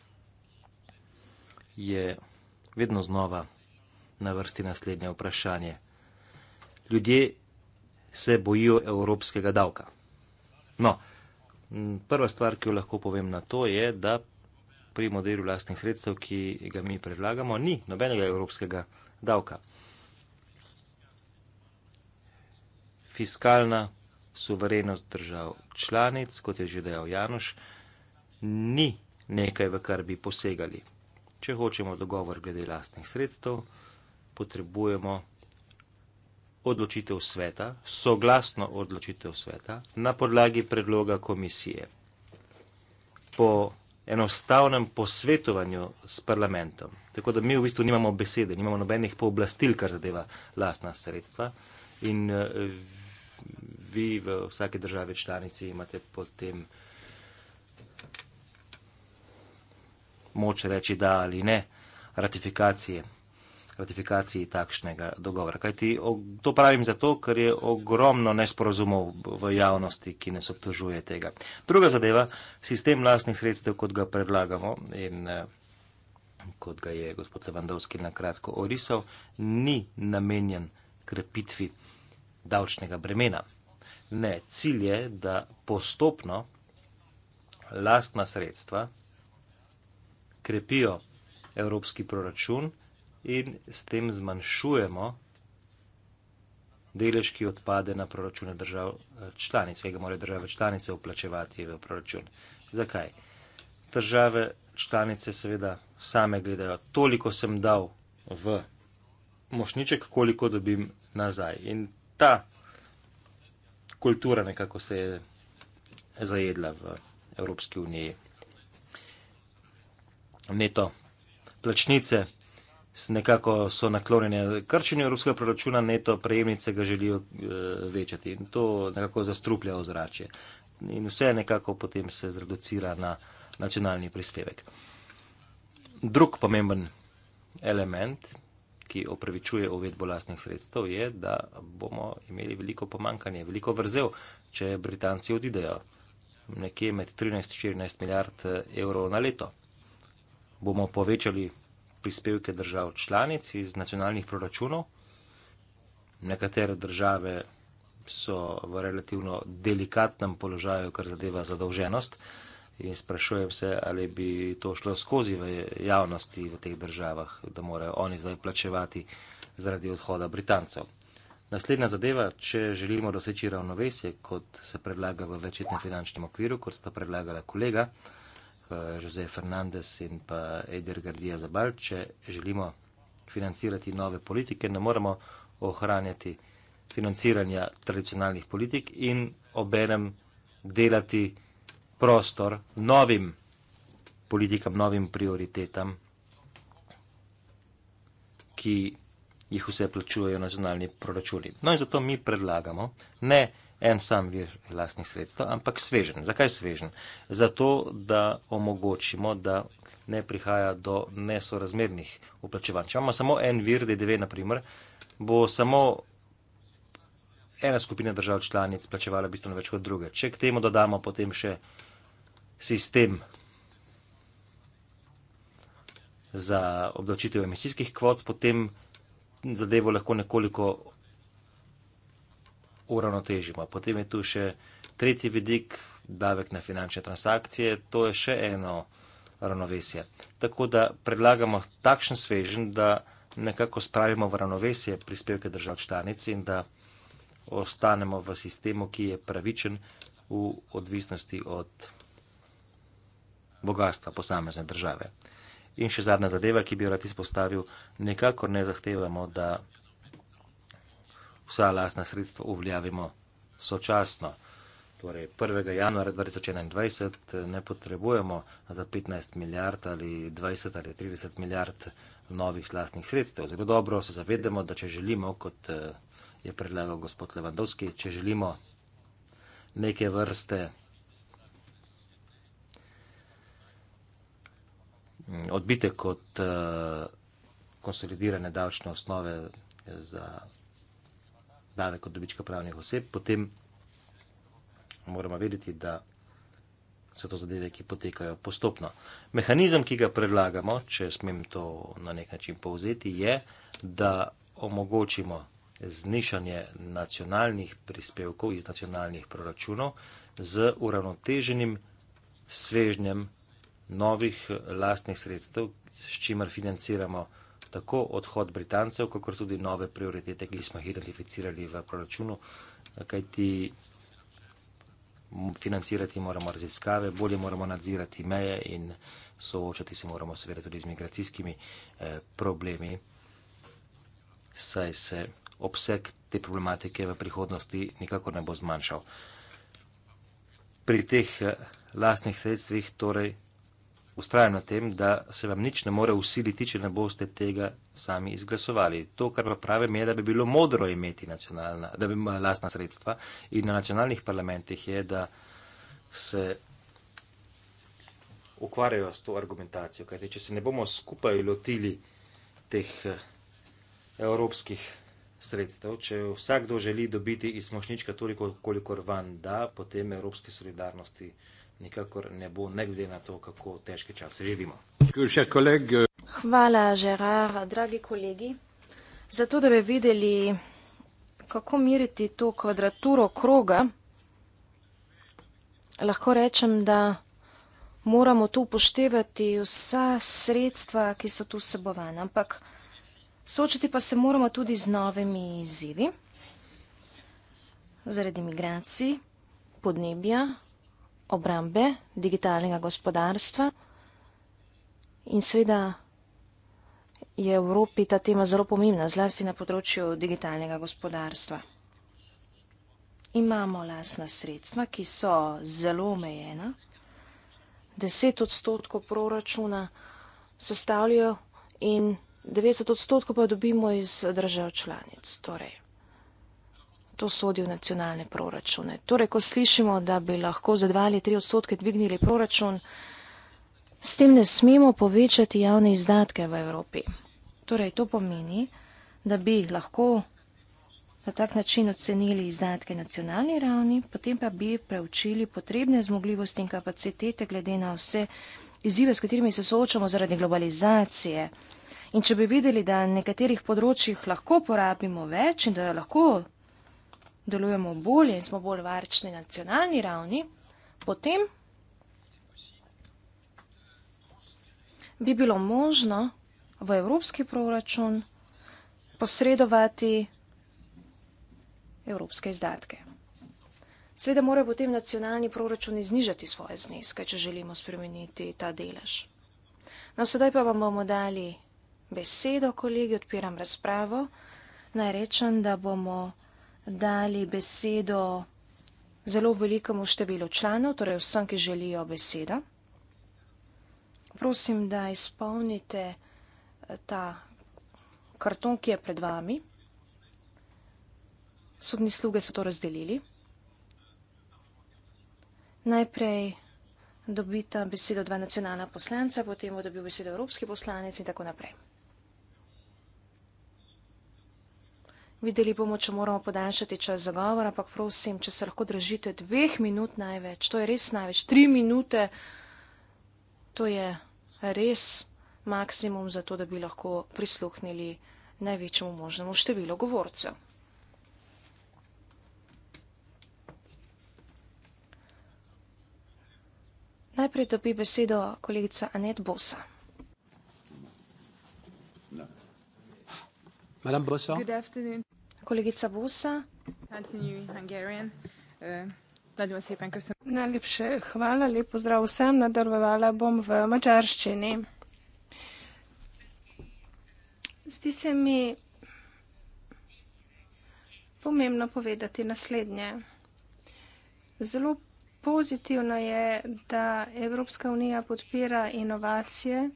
je vedno znova na vrsti naslednje vprašanje. Ljudje se bojijo evropskega davka. No, prva stvar, ki jo lahko povem na to, je, da pri modelu lastnih sredstev, ki ga mi predlagamo, ni nobenega evropskega davka. Fiskalna suverenost držav članic, kot je že dejal Januš, ni nekaj, v kar bi posegali. Če hočemo dogovor glede lastnih sredstev, potrebujemo odločitev sveta, soglasno odločitev sveta na podlagi predloga komisije. Po enostavnem posvetovanju s parlamentom. Tako da mi v bistvu nimamo besede, nimamo nobenih pooblastil, kar zadeva lastna sredstva. In eh, vi v vsake države članici imate potem moč reči da ali ne ratifikacije ratifikaciji takšnega dogovora. Kajti to pravim zato, ker je ogromno nesporazumov v javnosti, ki nas obtožuje tega. Druga zadeva, sistem lastnih sredstev, kot ga predlagamo in eh, kot ga je gospod Levandovski na kratko orisal, ni namenjen krepitvi davčnega bremena. Ne, cilj je, da postopno lastna sredstva krepijo evropski proračun in s tem zmanjšujemo delež, ki odpade na proračune držav eh, članic, ki ga morajo države članice uplačevati v proračun. Zakaj? Države članice seveda same gledajo, toliko sem dal v mošniček, koliko dobim nazaj. In ta kultura nekako se je zajedla v Evropski uniji. Neto plačnice nekako so naklonjene krčenju evropskega proračuna, neto prejemnice ga želijo e, večati in to nekako zastruplja ozračje. In vse nekako potem se zreducira na nacionalni prispevek. Drug pomemben element, ki opravičuje uvedbo lastnih sredstev, je, da bomo imeli veliko pomankanje, veliko vrzel, če Britanci odidejo. Nekje med 13 in 14 milijard eh, evrov na leto. Bomo povečali prispevke držav članic iz nacionalnih proračunov. Nekatere države so v relativno delikatnem položaju, kar zadeva zadolženost. In sprašujem se, ali bi to šlo skozi v javnosti v teh državah, da morajo oni zdaj plačevati zaradi odhoda Britancev. Naslednja zadeva, če želimo doseči ravnovesje, kot se predlaga v večetnem finančnem okviru, kot sta predlagala kolega, Jose Fernandez in pa Eder Gardija Zabal, če želimo financirati nove politike, ne moremo ohranjati financiranja tradicionalnih politik in obenem delati prostor novim politikam, novim prioritetam, ki jih vse plačujejo nacionalni proračuni. No in zato mi predlagamo ne en sam vir lastnih sredstev, ampak svežen. Zakaj svežen? Zato, da omogočimo, da ne prihaja do nesorazmernih uplačevanj. Če imamo samo en vir DDV, naprimer, bo samo ena skupina držav članic plačevala bistveno več kot druge. Če k temu dodamo potem še sistem za obdavčitev emisijskih kvot, potem zadevo lahko nekoliko uravnotežimo. Potem je tu še tretji vidik, davek na finančne transakcije, to je še eno ravnovesje. Tako da predlagamo takšen svežen, da nekako spravimo v ravnovesje prispevke držav članic in da ostanemo v sistemu, ki je pravičen v odvisnosti od bogatstva posamezne države. In še zadnja zadeva, ki bi jo rad izpostavil, nekako ne zahtevamo, da vsa lasna sredstva uveljavimo sočasno. Torej, 1. januarja 2021 ne potrebujemo za 15 milijard ali 20 ali 30 milijard novih lasnih sredstev. Zelo dobro se zavedamo, da če želimo, kot eh, je predlagal gospod Levandovski, če želimo neke vrste mm, odbite kot eh, konsolidirane davčne osnove za davek od dobička pravnih oseb, potem moramo vedeti, da so to zadeve, ki potekajo postopno. Mehanizem, ki ga predlagamo, če smem to na nek način povzeti, je, da omogočimo znišanje nacionalnih prispevkov iz nacionalnih proračunov z uravnoteženim svežnjem novih lastnih sredstev, s čimer financiramo tako odhod Britancev, kakor tudi nove prioritete, ki smo jih identificirali v proračunu, kajti financirati moramo raziskave, bolje moramo nadzirati meje in soočati se moramo seveda tudi z migracijskimi eh, problemi, saj se obseg te problematike v prihodnosti nikakor ne bo zmanjšal. Pri teh eh, lastnih sredstvih torej ustrajam na tem, da se vam nič ne more usiliti, če ne boste tega sami izglasovali. To, kar pa pravim, je, da bi bilo modro imeti nacionalna, da bi imela lastna sredstva in na nacionalnih parlamentih je, da se ukvarjajo s to argumentacijo. Kajte, če se ne bomo skupaj lotili teh eh, evropskih sredstev, če vsakdo želi dobiti iz mošnička toliko, kolikor van da, potem evropske solidarnosti nikakor ne bo, ne glede na to, kako težke čase živimo. Hvala, Žerar, dragi kolegi. Zato, da bi videli, kako miriti to kvadraturo kroga, lahko rečem, da moramo tu upoštevati vsa sredstva, ki so tu sebovane. Ampak soočiti pa se moramo tudi z novimi izzivi zaradi migracij, podnebja, obrambe, digitalnega gospodarstva. In seveda je v Evropi ta tema zelo pomembna, zlasti na področju digitalnega gospodarstva. Imamo lasna sredstva, ki so zelo omejena. 10 odstotkov proračuna sestavljajo in 90 odstotkov pa dobimo iz držav članic. Torej, to sodi v nacionalne proračune. Torej, ko slišimo, da bi lahko za 2 ali 3 odstotke dvignili proračun, s tem ne smemo povečati javne izdatke v Evropi. Torej, to pomeni, da bi lahko na tak način ocenili izdatke nacionalni ravni, potem pa bi preučili potrebne zmogljivosti in kapacitete glede na vse izzive, s katerimi se soočamo zaradi globalizacije. In če bi videli, da na nekaterih področjih lahko porabimo več in da lahko delujemo bolje in smo bolj varčni na nacionalni ravni, potem bi bilo možno v evropski proračun posredovati evropske izdatke. Sveda morajo potem nacionalni proračuni znižati svoje zneske, če želimo spremeniti ta delež. No, sedaj pa vam bomo dali besedo, kolegi, odpiram razpravo. Naj rečem, da bomo dali besedo zelo velikemu številu članov, torej vsem, ki želijo besedo. Prosim, da izpolnite eh, ta karton, ki je pred vami. Sodni sluge so to razdelili. Najprej dobita besedo dva nacionalna poslanca, potem bo dobil besedo evropski poslanec in tako naprej. Videli bomo, če moramo podaljšati čas za govor, ampak prosim, če se lahko držite dveh minut največ, to je res največ, tri minute, to je res maksimum za to, da bi lahko prisluhnili največjemu možnemu številu govorcev. Najprej dobi besedo kolegica Anet Bosa. Madame Bosa. Good afternoon kolegica Busa. Eh, Najlepše hvala, lep pozdrav vsem, nadaljevala bom v mačarščini. Zdi se mi pomembno povedati naslednje. Zelo pozitivno je, da Evropska unija podpira inovacije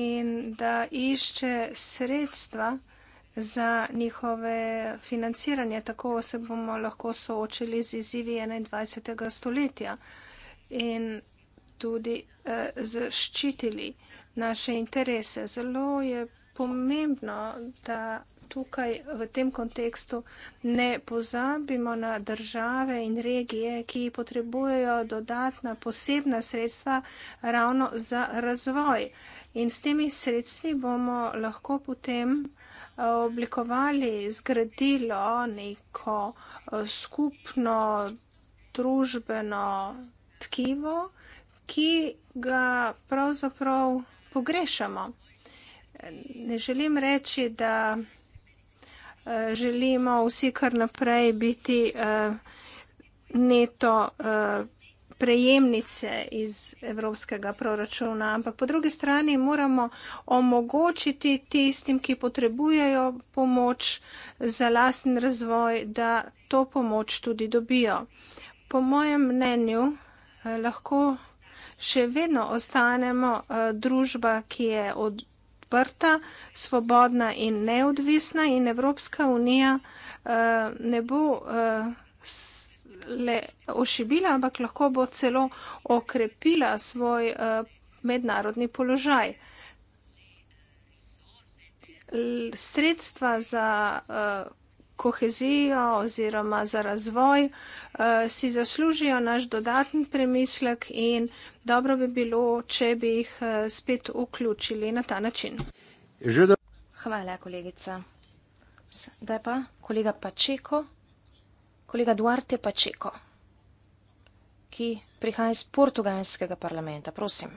in da išče sredstva, ki so vsega, za njihove financiranje. Tako se bomo lahko soočili z izzivi 21. stoletja in tudi eh, zaščitili naše interese. Zelo je pomembno, da tukaj v tem kontekstu ne pozabimo na države in regije, ki potrebujejo dodatna posebna sredstva ravno za razvoj. In s temi sredstvi bomo lahko potem oblikovali, zgradilo neko eh, skupno družbeno tkivo, ki ga pravzaprav pogrešamo. Ne želim reči, da eh, želimo vsi kar naprej biti eh, neto prejemnice iz evropskega proračuna, ampak po drugi strani moramo omogočiti tistim, ki potrebujejo pomoč za lasten razvoj, da to pomoč tudi dobijo. Po mojem mnenju eh, lahko še vedno ostanemo eh, družba, ki je odprta, svobodna in neodvisna in Evropska unija eh, ne bo le ošibila, ampak lahko bo celo okrepila svoj uh, mednarodni položaj. L sredstva za uh, kohezijo oziroma za razvoj uh, si zaslužijo naš dodatni premislek in dobro bi bilo, če bi jih uh, spet vključili na ta način. Hvala, kolegica. Zdaj pa kolega Pačeko kolega Duarte Pačeko, ki prihaja iz portugalskega parlamenta. Prosim.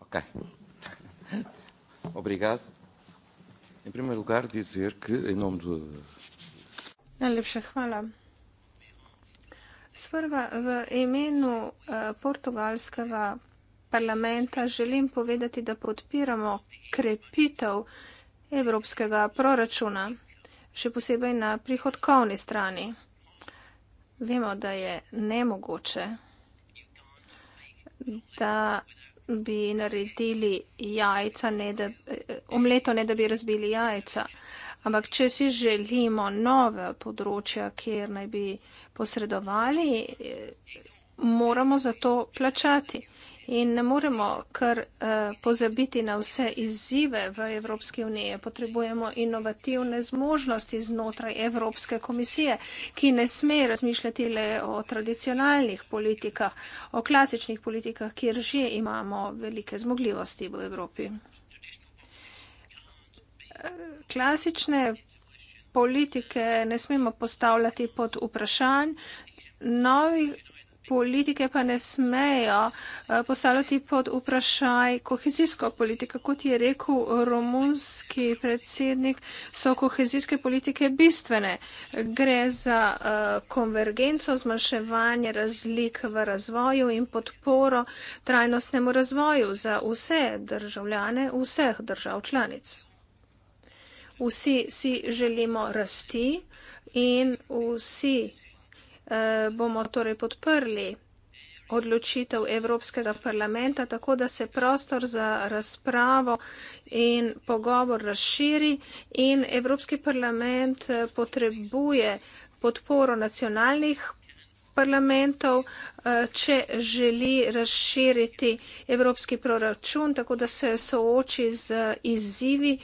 Okay. Obrigado. Em primeiro lugar, dizer que, em nome do. Najlepša hvala. Sprva v imenu eh, portugalskega parlamenta želim povedati, da podpiramo krepitev evropskega proračuna, še posebej na prihodkovni strani. Vemo, da je nemogoče, da bi naredili jajca, ne da, eh, omleto, ne da bi razbili jajca. Ampak, če si želimo nove področja, kjer naj bi posredovali, eh, moramo za to plačati. In ne moremo kar uh, pozabiti na vse izzive v Evropski uniji. Potrebujemo inovativne zmožnosti znotraj Evropske komisije, ki ne sme razmišljati le o tradicionalnih politikah, o klasičnih politikah, kjer že imamo velike zmogljivosti v Evropi. Eh, klasične politike ne smemo postavljati pod vprašanj. Novi politike pa ne smejo eh, postavljati pod vprašaj kohezijsko politiko. Kot je rekel romunski predsednik, so kohezijske politike bistvene. Gre za eh, konvergenco, zmanjševanje razlik v razvoju in podporo trajnostnemu razvoju za vse državljane vseh držav članic. Vsi si želimo rasti in vsi Eh, bomo torej podprli odločitev Evropskega parlamenta, tako da se prostor za razpravo in pogovor razširi in Evropski parlament eh, potrebuje podporo nacionalnih parlamentov, eh, če želi razširiti evropski proračun, tako da se sooči z izzivi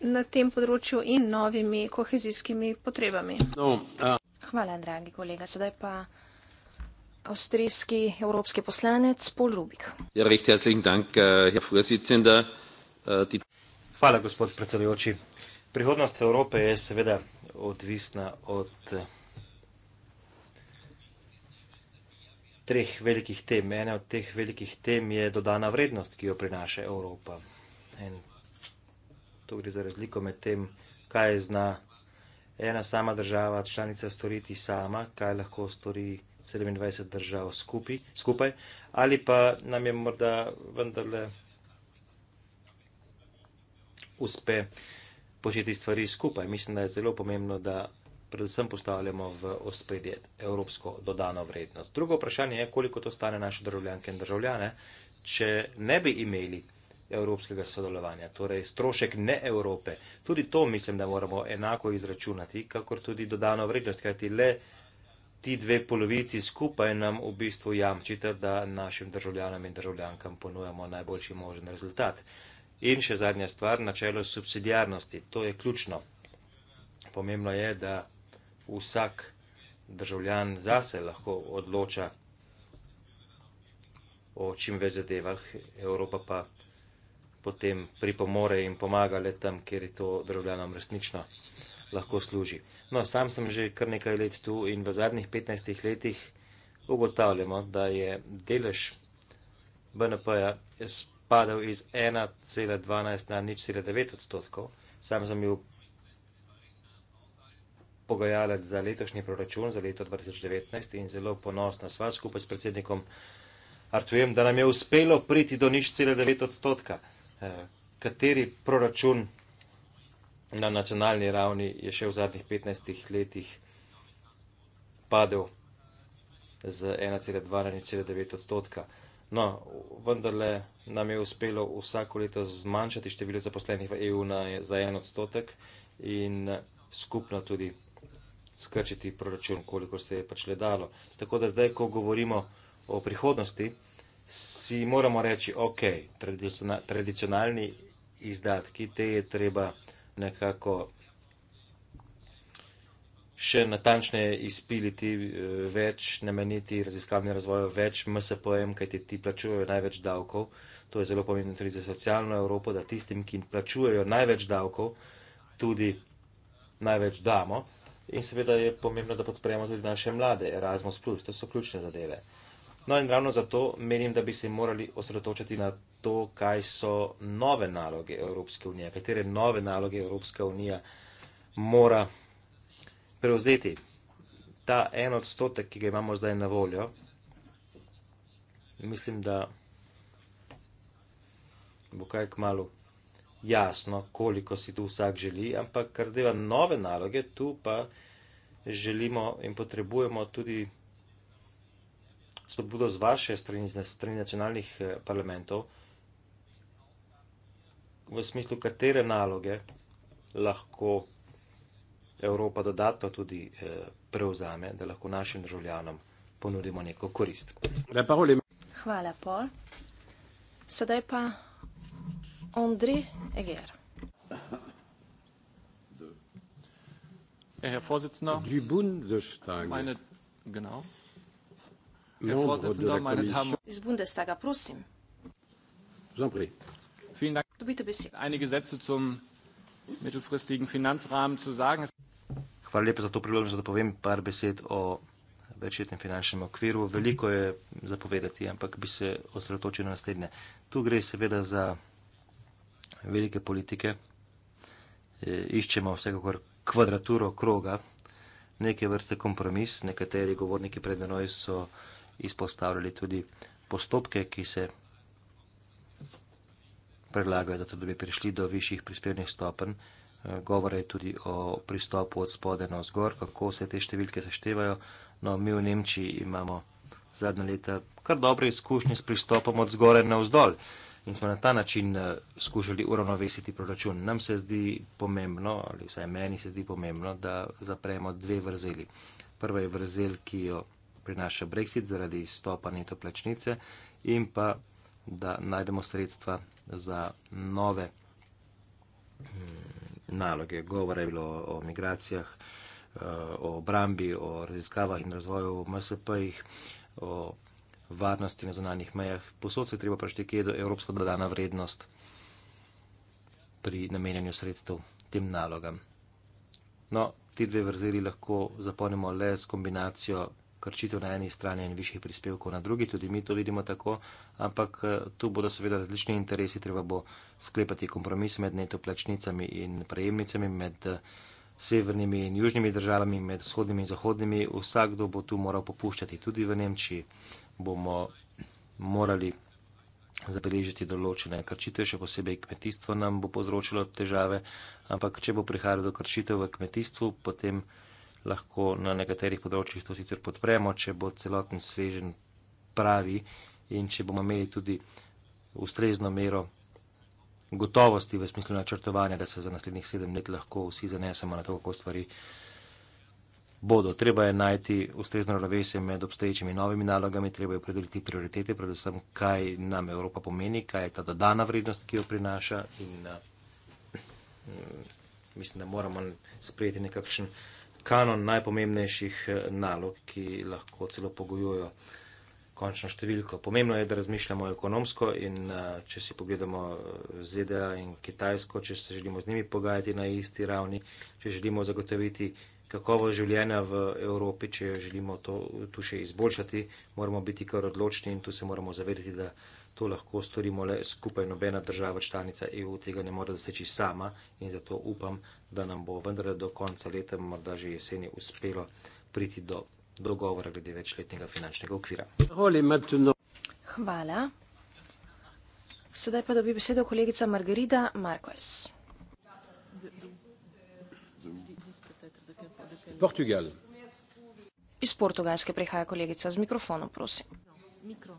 na tem področju in novimi kohezijskimi potrebami. No, uh... Hvala, dragi kolega. Sedaj pa avstrijski evropski poslanec Paul Rubik. Ja, recht herzlichen Dank, äh, Herr Vorsitzender. Äh, Hvala, gospod predsedujoči. Prihodnost Evrope je seveda odvisna od äh, treh velikih tem. Ena od teh velikih tem je dodana vrednost, ki jo prinaša Evropa. In to gre za razliko med tem, kaj zna ena sama država članica storiti sama, kaj lahko stori 27 držav skupi, skupaj, ali pa nam je morda vendarle uspe početi stvari skupaj. Mislim, da je zelo pomembno, da predvsem postavljamo v ospredje evropsko dodano vrednost. Drugo vprašanje je, koliko to stane naše državljanke in državljane, če ne bi imeli evropskega sodelovanja, torej strošek ne Evrope. Tudi to mislim, da moramo enako izračunati, kakor tudi dodano vrednost, kajti le ti dve polovici skupaj nam v bistvu jamčita, da našim državljanom in državljankam ponujamo najboljši možen rezultat. In še zadnja stvar, načelo subsidijarnosti. To je ključno. Pomembno je, da vsak državljan zase lahko odloča o čim več zadevah, Evropa pa potem pripomore in pomaga le tam, kjer je to državljanom resnično lahko služi. No, sam sem že kar nekaj let tu in v zadnjih 15 letih ugotavljamo, da je delež BNP-ja spadal iz 1,12 na 0,9 odstotkov. Sam sem bil pogajalec za letošnji proračun za leto 2019 in zelo ponosna sva skupaj s predsednikom Artujem, da nam je uspelo priti do 0,9 odstotka. Eh, kateri proračun na nacionalni ravni je še v zadnjih 15 letih padel z 1,2 na 1,9 odstotka. No, vendarle nam je uspelo vsako leto zmanjšati število zaposlenih v EU na, za en odstotek in skupno tudi skrčiti proračun, koliko se je pač le dalo. Tako da zdaj, ko govorimo o prihodnosti, si moramo reči, ok, tradicionalni izdatki, te je treba nekako še natančneje izpiliti, eh, več nameniti raziskavni razvoj, več MSPM, kajti ti plačujejo največ davkov. To je zelo pomembno tudi za socialno Evropo, da tistim, ki plačujejo največ davkov, tudi največ damo. In seveda je pomembno, da podpremo tudi naše mlade, Erasmus, to so ključne zadeve. No in ravno zato menim, da bi se morali osredotočiti na to, kaj so nove naloge Evropske unije, katere nove naloge Evropska unija mora prevzeti. Ta en odstotek, ki ga imamo zdaj na voljo, mislim, da bo kaj k malu jasno, koliko si tu vsak želi, ampak kar deva nove naloge, tu pa želimo in potrebujemo tudi spodbudo z vaše strani, z strani nacionalnih eh, parlamentov, v smislu, katere naloge lahko Evropa dodatno tudi eh, prevzame, da lahko našim državljanom ponudimo neko korist. Hvala, Pol. Sedaj pa Andri Eger. Ja, Herr Vorsitzender, Die Bundestage. Meine, genau. Iz Bundestaga, prosim. Dobite besedo. Hvala lepa za to priložnost, da povem par besed o večletnem finančnem okviru. Veliko je zapovedati, ampak bi se osredotočil na naslednje. Tu gre seveda za velike politike. E, iščemo vsekakor kvadraturo kroga, neke vrste kompromis. Nekateri govorniki pred menoj so izpostavljali tudi postopke, ki se predlagajo, da bi prišli do višjih prispevnih stopenj. Eh, Govore je tudi o pristopu od spode na vzgor, kako se te številke zaštevajo. No, mi v Nemčiji imamo zadnje leta kar dobre izkušnje s pristopom od zgore na vzdolj in smo na ta način eh, skušali uravnovesiti proračun. Nam se zdi pomembno, ali vsaj meni se zdi pomembno, da zapremo dve vrzeli. Prva je vrzel, ki jo prinaša Brexit zaradi izstopa neto plačnice in pa da najdemo sredstva za nove mm, naloge. Govore je bilo o migracijah, eh, o obrambi, o raziskavah in razvoju v MSP-jih, o varnosti na zonalnih mejah. Posod se treba prašti, kje je do evropsko dodana vrednost pri namenjanju sredstev tem nalogam. No, ti dve vrzeli lahko zapolnimo le s kombinacijo krčitev na eni strani in višjih prispevkov na drugi, tudi mi to vidimo tako, ampak eh, tu bodo seveda različni interesi, treba bo sklepati kompromis med neto plačnicami in prejemnicami, med eh, severnimi in južnimi državami, med vzhodnimi in zahodnimi, vsakdo bo tu moral popuščati, tudi v Nemčiji bomo morali zabeležiti določene krčitve, še posebej kmetijstvo nam bo povzročilo težave, ampak če bo prihajalo do krčitev v kmetijstvu, potem lahko na nekaterih področjih to sicer podpremo, če bo celoten svežen pravi in če bomo imeli tudi ustrezno mero gotovosti v smislu načrtovanja, da se za naslednjih sedem let lahko vsi zanesemo na to, kako stvari bodo. Treba je najti ustrezno ravnovesje med obstoječimi novimi nalogami, treba je opredeliti prioritete, predvsem kaj nam Evropa pomeni, kaj je ta dodana vrednost, ki jo prinaša in uh, mislim, da moramo sprejeti nekakšen uh, kanon najpomembnejših eh, nalog, ki lahko celo pogojujo končno številko. Pomembno je, da razmišljamo ekonomsko in eh, če si pogledamo eh, ZDA in Kitajsko, če se želimo z njimi pogajati na isti ravni, če želimo zagotoviti kakovo življenja v Evropi, če želimo to tu še izboljšati, moramo biti kar odločni in tu se moramo zavedati, da. To lahko storimo le skupaj, nobena država članica EU tega ne more doseči sama in zato upam, da nam bo vendarle do konca leta, morda že jeseni, uspelo priti do dogovora glede večletnega finančnega okvira. Hvala. Sedaj pa dobi besedo kolegica Margarida Marquez. Portugal. Iz Portugalske prihaja kolegica z mikrofonom, prosim. Mikro.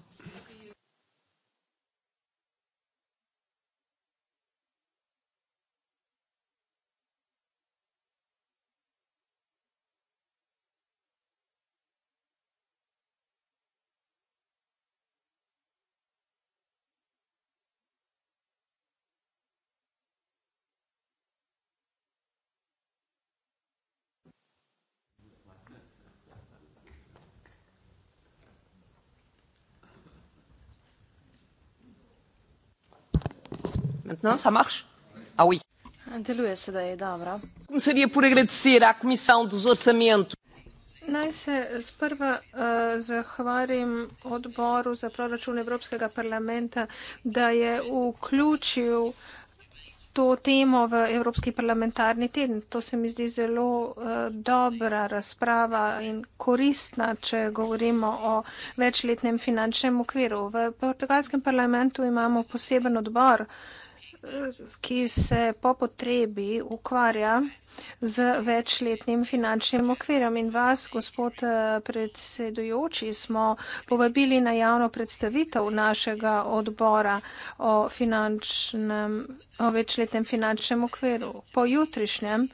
Maintenant, ça marche Ah oui. Deluje sedaj, dobro. Começaria por agradecer à Comissão dos Orçamentos. Naj se sprva uh, zahvalim odboru za proračun Evropskega parlamenta, da je vključil to temo v Evropski parlamentarni teden. To se mi zdi zelo uh, dobra razprava in koristna, če govorimo o večletnem finančnem okviru. V portugalskem parlamentu imamo poseben odbor. Uh, ki se po potrebi ukvarja z večletnim finančnim okvirom. In vas, gospod eh, predsedujoči, smo povabili na javno predstavitev našega odbora o, finančnem, o večletnem finančnem okviru. Po jutrišnjem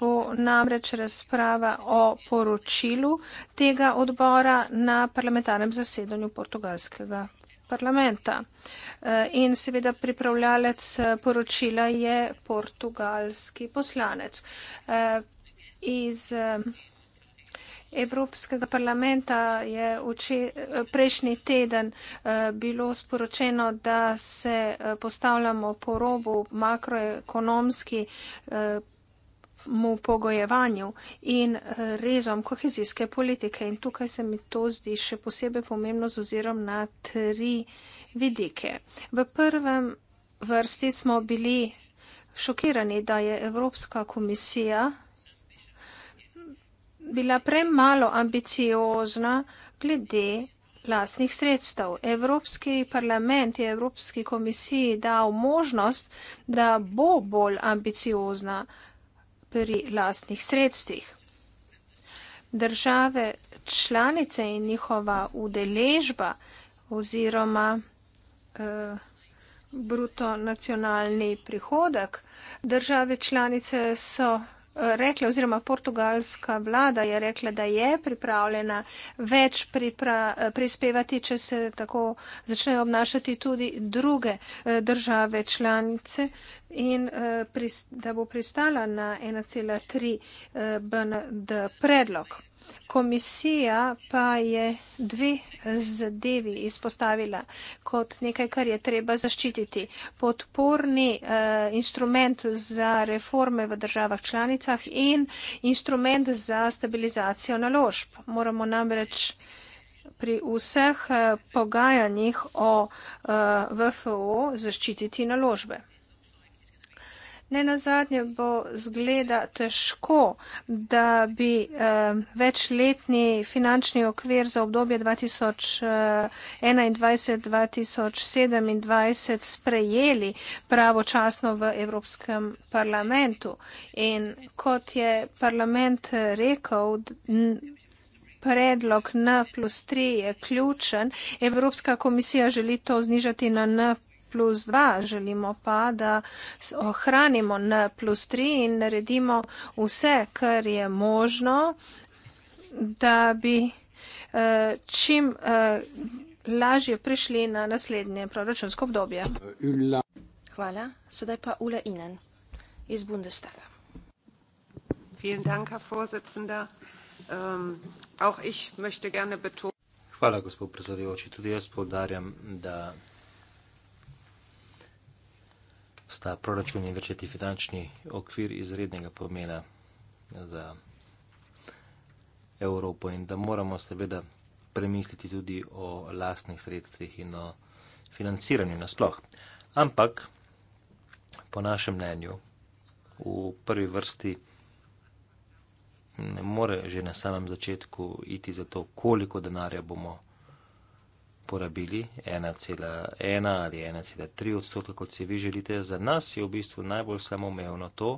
bo namreč razprava o poročilu tega odbora na parlamentarnem zasedanju portugalskega parlamenta. Eh, in seveda pripravljalec eh, poročila je portugalski poslanec. Eh, iz Evropskega parlamenta je uči, prejšnji teden bilo sporočeno, da se postavljamo po robu makroekonomski mu pogojevanju in eh, rezom kohezijske politike. In tukaj se mi to zdi še posebej pomembno z ozirom na tri vidike. V prvem vrsti smo bili šokirani, da je Evropska komisija bila premalo ambiciozna glede lastnih sredstev. Evropski parlament je Evropski komisiji dal možnost, da bo bolj ambiciozna pri lastnih sredstvih. Države članice in njihova udeležba oziroma eh, bruto nacionalni prihodek, države članice so rekla, oziroma portugalska vlada je rekla, da je pripravljena več pripra, prispevati, če se tako začnejo obnašati tudi druge eh, države članice in eh, da bo pristala na 1,3 eh, BND predlog. Komisija pa je dve zadevi izpostavila kot nekaj, kar je treba zaščititi. Podporni uh, instrument za reforme v državah članicah in instrument za stabilizacijo naložb. Moramo namreč pri vseh uh, pogajanjih o uh, eh, VFO zaščititi naložbe. Ne na zadnje bo zgleda težko, da bi um, večletni finančni okvir za obdobje 2021-2027 eh, sprejeli pravočasno v Evropskem parlamentu. In kot je parlament rekel, predlog N plus 3 je ključen. Evropska komisija želi to znižati na N plus 3 plus 2, želimo pa, da ohranimo N plus 3 in naredimo vse, kar je možno, da bi eh, čim eh, lažje prišli na naslednje proračunsko obdobje. Hvala. Sedaj pa Ula Inen iz Bundestaga. Ähm, Hvala, gospod predsedujoči. Tudi jaz povdarjam, da sta proračun in večeti finančni okvir izrednega pomena za Evropo in da moramo seveda premisliti tudi o lastnih sredstvih in o financiranju nasploh. Ampak, po našem mnenju, v prvi vrsti ne more že na samem začetku iti za to, koliko denarja bomo imeli porabili 1,1 ali 1,3 odstotka, kot si vi želite. Za nas je v bistvu najbolj samoumevno to,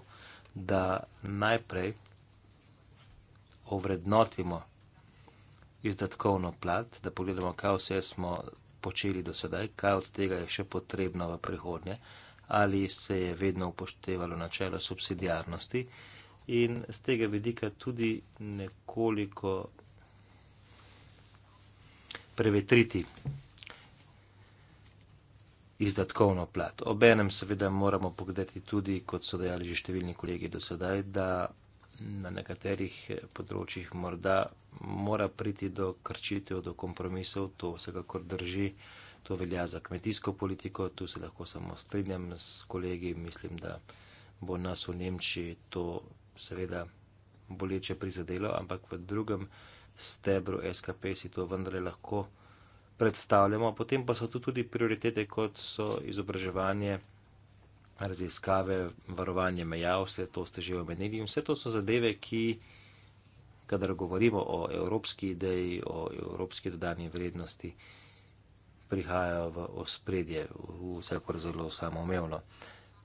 da najprej ovrednotimo izdatkovno plat, da pogledamo, kaj vse smo počeli do sedaj, kaj od tega je še potrebno v prihodnje, ali se je vedno upoštevalo načelo subsidijarnosti in z tega vidika tudi nekoliko prevetriti izdatkovno plat. Obenem seveda moramo pogledati tudi, kot so dejali že številni kolegi do sedaj, da na nekaterih področjih morda mora priti do krčitev, do kompromisov, to vsekakor drži, to velja za kmetijsko politiko, tu se lahko samo strinjam s kolegi, mislim, da bo nas v Nemčiji to seveda boleče prizadelo, ampak v drugem področju, stebru SKP si to vendarle lahko predstavljamo. Potem pa so tu tudi prioritete, kot so izobraževanje, raziskave, varovanje meja, vse to ste že omenili in vse to so zadeve, ki, kadar govorimo o evropski ideji, o evropski dodani vrednosti, prihajajo v ospredje, vsekor zelo samoumevno.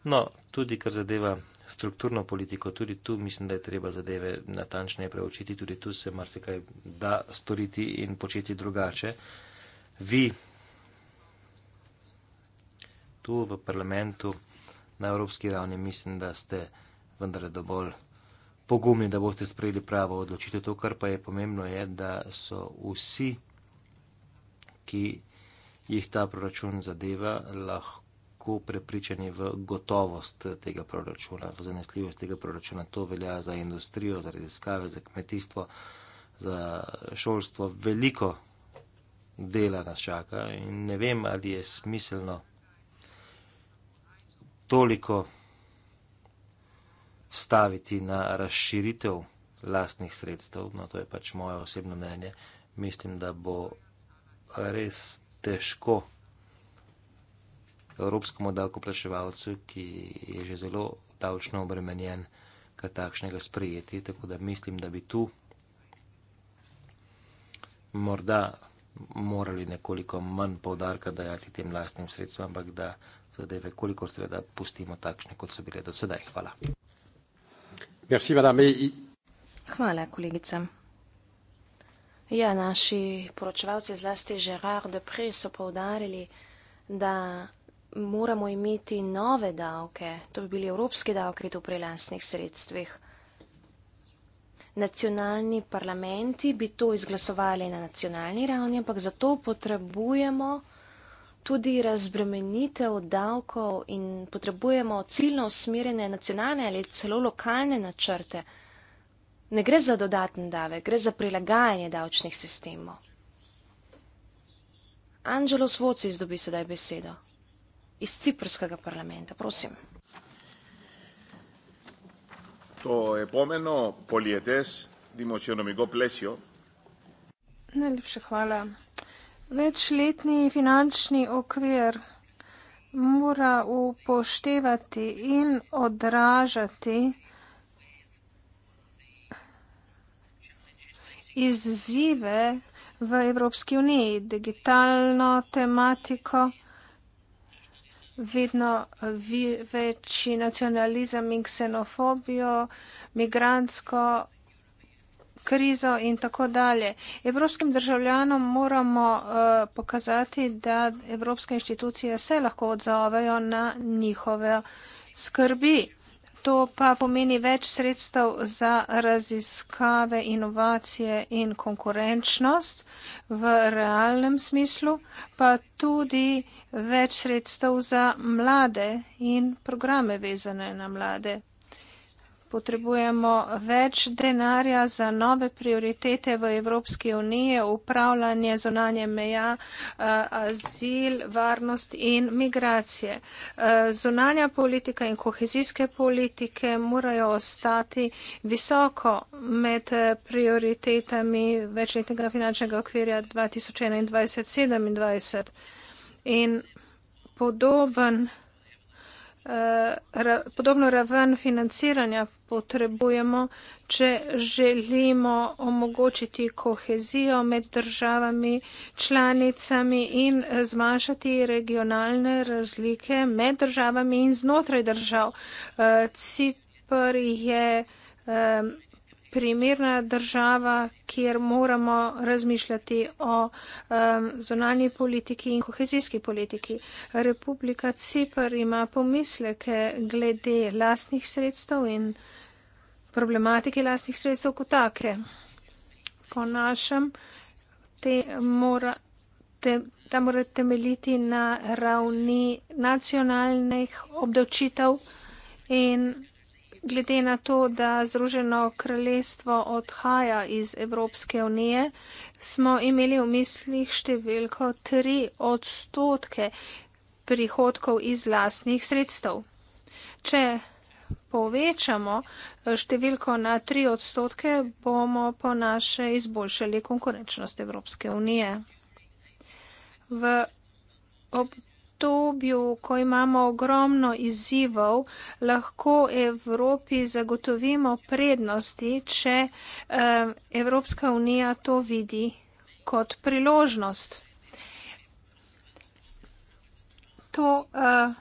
No, tudi kar zadeva strukturno politiko, tudi tu mislim, da je treba zadeve natančneje preučiti, tudi tu se marsikaj da storiti in početi drugače. Vi tu v parlamentu na evropski ravni mislim, da ste vendarle dovolj pogumni, da boste sprejeli pravo odločitev. To, kar pa je pomembno, je, da so vsi, ki jih ta proračun zadeva, lahko tako prepričani v gotovost tega proračuna, v zanesljivost tega proračuna. To velja za industrijo, za raziskave, za kmetijstvo, za šolstvo. Veliko dela nas čaka in ne vem, ali je smiselno toliko staviti na razširitev lastnih sredstev. No, to je pač moje osebno mnenje. Mislim, da bo res težko evropskemu davkoplačevalcu, ki je že zelo davčno obremenjen, kaj takšnega sprejeti. Tako da mislim, da bi tu morda morali nekoliko manj povdarka dajati tem lastnim sredstvom, ampak da zadeve, kolikor seveda, pustimo takšne, kot so bile do sedaj. Hvala. Merci, madame. Hvala, kolegica. Ja, naši poročevalci zlasti Gerard de Pre so povdarili, da moramo imeti nove davke, to bi bili evropske davke, to pri lastnih sredstvih. Nacionalni parlamenti bi to izglasovali na nacionalni ravni, ampak zato potrebujemo tudi razbremenitev davkov in potrebujemo ciljno usmerjene nacionalne ali celo lokalne načrte. Ne gre za dodatne dave, gre za prilagajanje davčnih sistemov. Angelo Svoci izdobi sedaj besedo iz Ciprskega parlamenta. Prosim. To je pomeno polietes, dimocionomigo plesjo. Najlepša hvala. Večletni finančni okvir mora upoštevati in odražati izzive v Evropski uniji, digitalno tematiko, vidno vi, večji nacionalizem in ksenofobijo, migransko krizo in tako dalje. Evropskim državljanom moramo uh, pokazati, da evropske inštitucije se lahko odzovejo na njihove skrbi. To pa pomeni več sredstev za raziskave, inovacije in konkurenčnost v realnem smislu, pa tudi več sredstev za mlade in programe vezane na mlade. Potrebujemo več denarja za nove prioritete v Evropski uniji, upravljanje zunanje meja, eh, azil, varnost in migracije. Eh, zunanja politika in kohezijske politike morajo ostati visoko med eh, prioritetami večletnega finančnega okvirja 2021-2027. In podoben Eh, podobno raven financiranja potrebujemo, če želimo omogočiti kohezijo med državami, članicami in eh, zmanjšati regionalne razlike med državami in znotraj držav. Eh, Cipr je primerna država, kjer moramo razmišljati o um, zonalni politiki in kohezijski politiki. Republika Cipr ima pomisleke glede lastnih sredstev in problematike lastnih sredstev kot take. Po našem te mora. Te, Ta mora temeljiti na ravni nacionalnih obdavčitev in glede na to, da Združeno kraljestvo odhaja iz Evropske unije, smo imeli v mislih številko 3 odstotke prihodkov iz lastnih sredstev. Če povečamo eh, številko na 3 odstotke, bomo po naše izboljšali konkurenčnost Evropske unije. V obdobju, ko imamo ogromno izzivov, lahko Evropi zagotovimo prednosti, če eh, Evropska unija to vidi kot priložnost. To eh,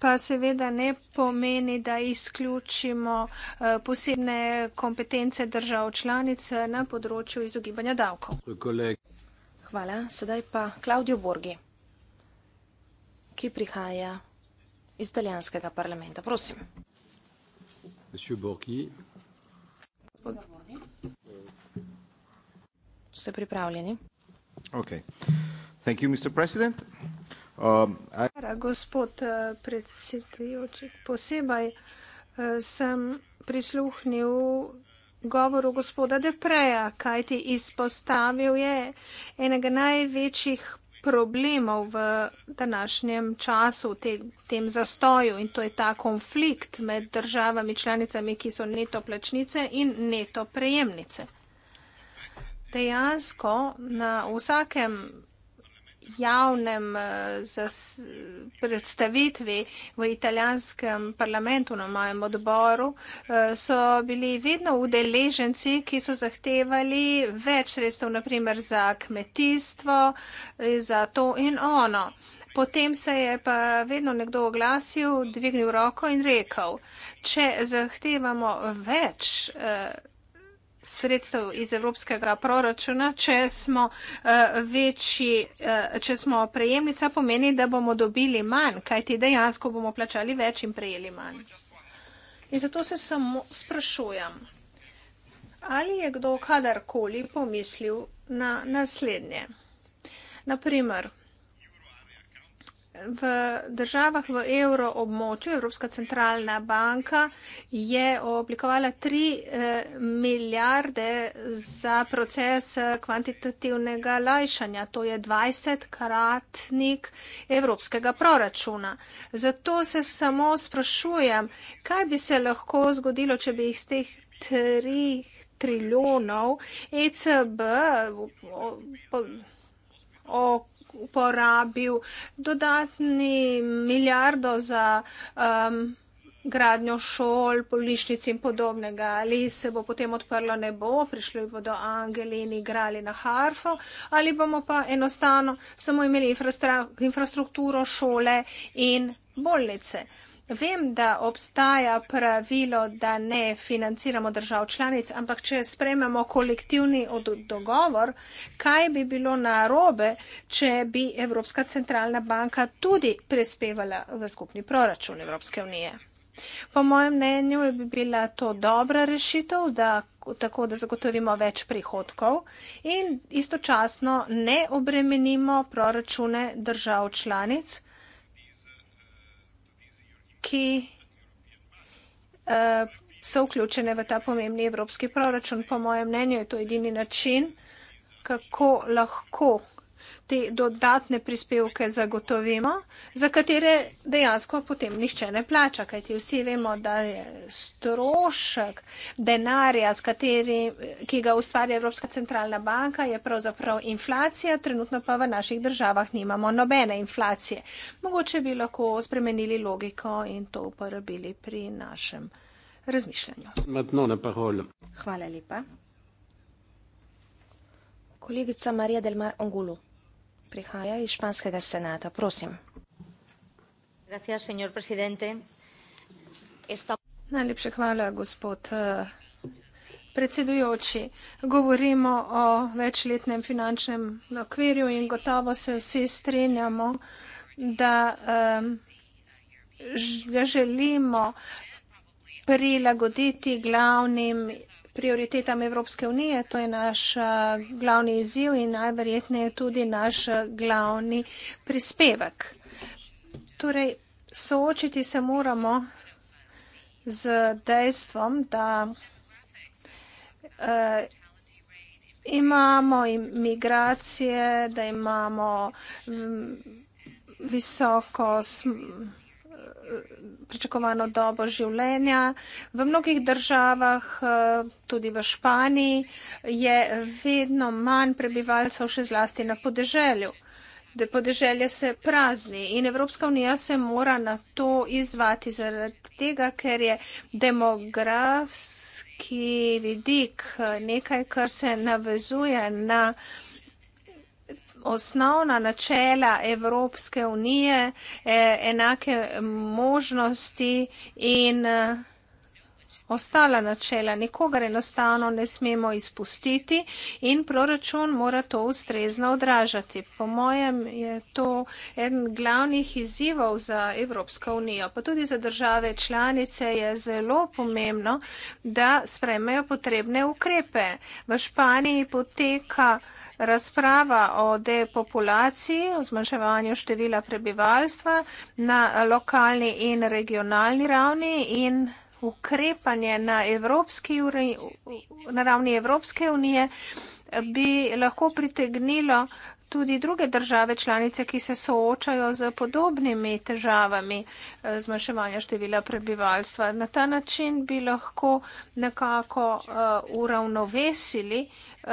pa seveda ne pomeni, da izključimo eh, posebne kompetence držav članice na področju izogibanja davkov. Hvala, sedaj pa Klaudijo Borgi ki prihaja iz italijanskega parlamenta. Prosim. Vse pripravljeni? Ok. Thank you, Mr. President. Um, Hvala, gospod eh, predsedujoči. Posebej eh, sem prisluhnil govoru gospoda Depreja, kajti izpostavil je enega največjih problemov v današnjem času, te, tem zastoju in to je ta konflikt med državami članicami, ki so neto plačnice in neto prejemnice. Dejansko na vsakem javnem eh, zas, predstavitvi v italijanskem parlamentu na mojem odboru eh, so bili vedno udeleženci, ki so zahtevali več sredstev, naprimer za kmetijstvo, eh, za to in ono. Potem se je pa vedno nekdo oglasil, dvignil roko in rekel, če zahtevamo več sredstev iz evropskega proračuna, če smo, uh, večji, uh, če smo prejemnica, pomeni, da bomo dobili manj, kajti dejansko bomo plačali več in prejeli manj. In zato se samo sprašujem, ali je kdo kadarkoli pomislil na naslednje. Naprimer, V državah v evroobmočju Evropska centralna banka je oblikovala 3 eh, milijarde za proces eh, kvantitativnega lajšanja, to je 20 kratnik evropskega proračuna. Zato se samo sprašujem, kaj bi se lahko zgodilo, če bi iz teh 3 trilijonov ECB. O, o, o, uporabil dodatni milijardo za um, gradnjo šol, polišnic in podobnega. Ali se bo potem odprlo nebo, prišli bodo angeli in igrali na harfo, ali bomo pa enostavno samo imeli infrastrukturo šole in bolnice. Vem, da obstaja pravilo, da ne financiramo držav članic, ampak če sprememo kolektivni od dogovor, kaj bi bilo narobe, če bi Evropska centralna banka tudi prispevala v skupni proračun Evropske unije? Po mojem mnenju bi bila to dobra rešitev, da, tako da zagotovimo več prihodkov in istočasno ne obremenimo proračune držav članic ki eh, so vključene v ta pomembni evropski proračun. Po mojem mnenju je to edini način, kako lahko te dodatne prispevke zagotovimo, za katere dejansko potem nišče ne plača, kajti vsi vemo, da je strošek denarja, kateri, ki ga ustvarja Evropska centralna banka, je pravzaprav inflacija, trenutno pa v naših državah nimamo nobene inflacije. Mogoče bi lahko spremenili logiko in to uporabili pri našem razmišljanju. Hvala lepa. Kolegica Marija Delmar Ongulu prihaja iz španskega senata. Prosim. Najlepša hvala, gospod eh, predsedujoči. Govorimo o večletnem finančnem okvirju in gotovo se vsi strinjamo, da želimo prilagoditi glavnim izgledom prioritetam Evropske unije. To je naš eh, glavni izziv in najverjetneje tudi naš eh, glavni prispevek. Torej, soočiti se moramo z dejstvom, da uh, imamo imigracije, da imamo mm, visoko. Sm, pričakovano dobo življenja. V mnogih državah, eh, tudi v Španiji, je vedno manj prebivalcev, še zlasti na podeželju. Da podeželje se prazni in Evropska unija se mora na to izvati zaradi tega, ker je demografski vidik eh, nekaj, kar se navezuje na osnovna načela Evropske unije, eh, enake možnosti in eh, ostala načela. Nikogar enostavno ne smemo izpustiti in proračun mora to ustrezno odražati. Po mojem je to en glavnih izzivov za Evropsko unijo, pa tudi za države članice je zelo pomembno, da spremejo potrebne ukrepe. V Španiji poteka uh, razprava o depopulaciji, o zmanjševanju števila prebivalstva na lokalni in regionalni ravni in ukrepanje na, evropski, na ravni Evropske unije bi lahko pritegnilo tudi druge države članice, ki se soočajo z podobnimi težavami eh, zmanjševanja števila prebivalstva. Na ta način bi lahko nekako uh, uravnovesili uh,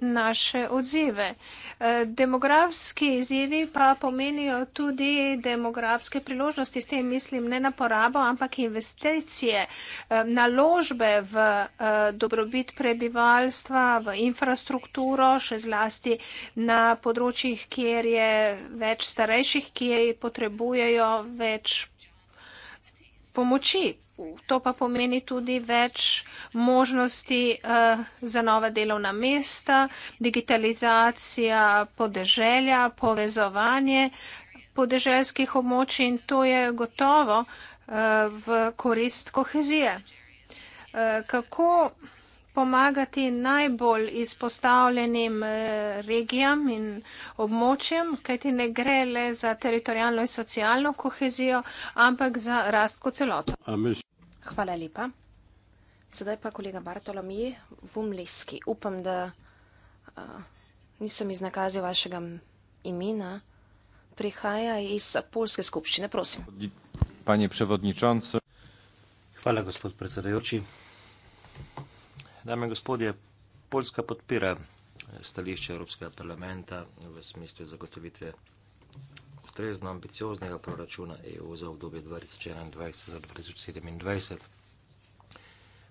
naše odzive. E, demografski izzivi pa pomenijo tudi demografske priložnosti, s tem mislim ne na porabo, ampak investicije, e, naložbe v e, dobrobit prebivalstva, v infrastrukturo, še zlasti na področjih, kjer je več starejših, kjer potrebujejo več pomoči. To pa pomeni tudi več možnosti uh, za nova delovna mesta, digitalizacija podeželja, povezovanje podeželskih območij in to je gotovo uh, v korist kohezije. Uh, kako pomagati najbolj izpostavljenim eh, regijam in območjem, kajti ne gre le za teritorijalno in socialno kohezijo, ampak za rast kot celota. Hvala lepa. Sedaj pa kolega Bartolomij Vumleski. Upam, da uh, nisem iznakazil vašega imena. Prihaja iz Polske skupščine. Prosim. Hvala, gospod predsedajoči. Dame in gospodje, Poljska podpira stališče Evropskega parlamenta v smislu zagotovitve ustrezno ambicioznega proračuna EU za obdobje 2021-2027.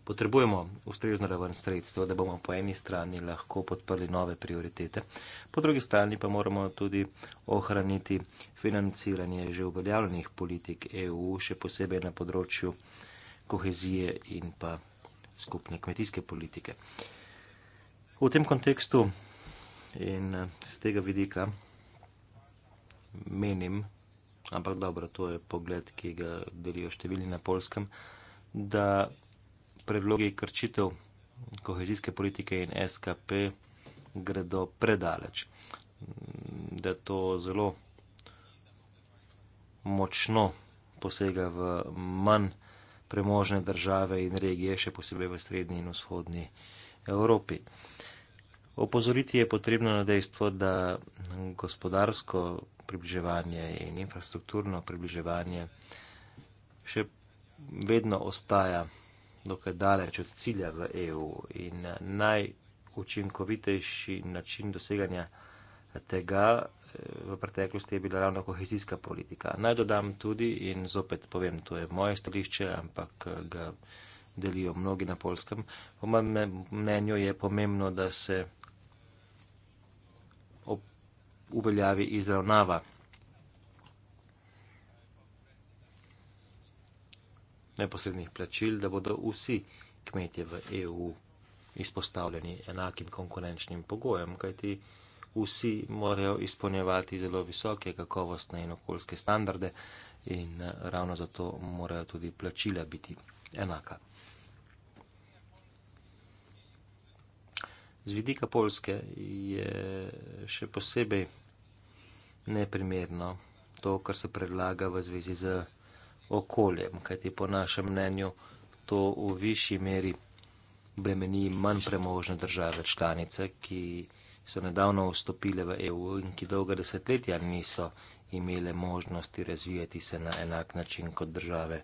Potrebujemo ustrezno raven sredstva, da bomo po eni strani lahko podprli nove prioritete, po drugi strani pa moramo tudi ohraniti financiranje že uveljavljenih politik EU, še posebej na področju kohezije in pa skupne kmetijske politike. V tem kontekstu in z eh, tega vidika menim, ampak dobro, to je pogled, ki ga delijo številni na polskem, da predlogi krčitev kohezijske politike in SKP gredo predaleč, da to zelo močno posega v manj premožne države in regije, še posebej v srednji in vzhodni Evropi. Opozoriti je potrebno na dejstvo, da gospodarsko približevanje in infrastrukturno približevanje še vedno ostaja dokaj daleč od cilja v EU in eh, najučinkovitejši način doseganja tega v preteklosti je bila ravno kohezijska politika. Naj dodam tudi in zopet povem, to je moje stališče, ampak eh, ga delijo mnogi na polskem. Po mojem mnenju je pomembno, da se uveljavi izravnava. neposrednih plačil, da bodo vsi kmetje v EU izpostavljeni enakim konkurenčnim pogojem, kajti vsi morajo izpolnjevati zelo visoke kakovostne in okoljske standarde in eh, ravno zato morajo tudi plačila biti enaka. Z vidika Polske je še posebej neprimerno to, kar se predlaga v zvezi z okoljem, kajti po našem mnenju to v višji meri bremeni manj premožne države članice, ki so nedavno vstopile v EU in ki dolga desetletja niso imele možnosti razvijati se na enak način kot države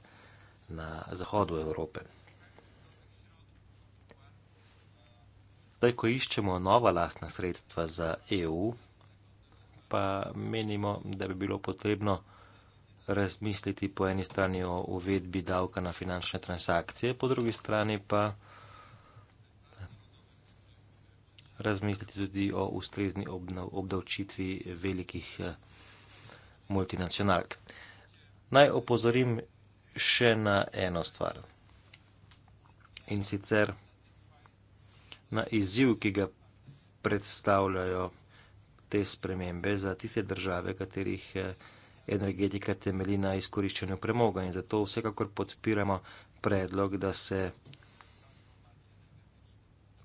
na zahodu Evrope. Zdaj, ko iščemo nova lastna sredstva za EU, pa menimo, da bi bilo potrebno razmisliti po eni strani o uvedbi davka na finančne transakcije, po drugi strani pa. razmisliti tudi o ustrezni obdavčitvi velikih eh, multinacionalk. Naj opozorim še na eno stvar. In sicer na izziv, ki ga predstavljajo te spremembe za tiste države, katerih eh, energetika temelji na izkoriščanju premoga. In zato vsekakor podpiramo predlog, da se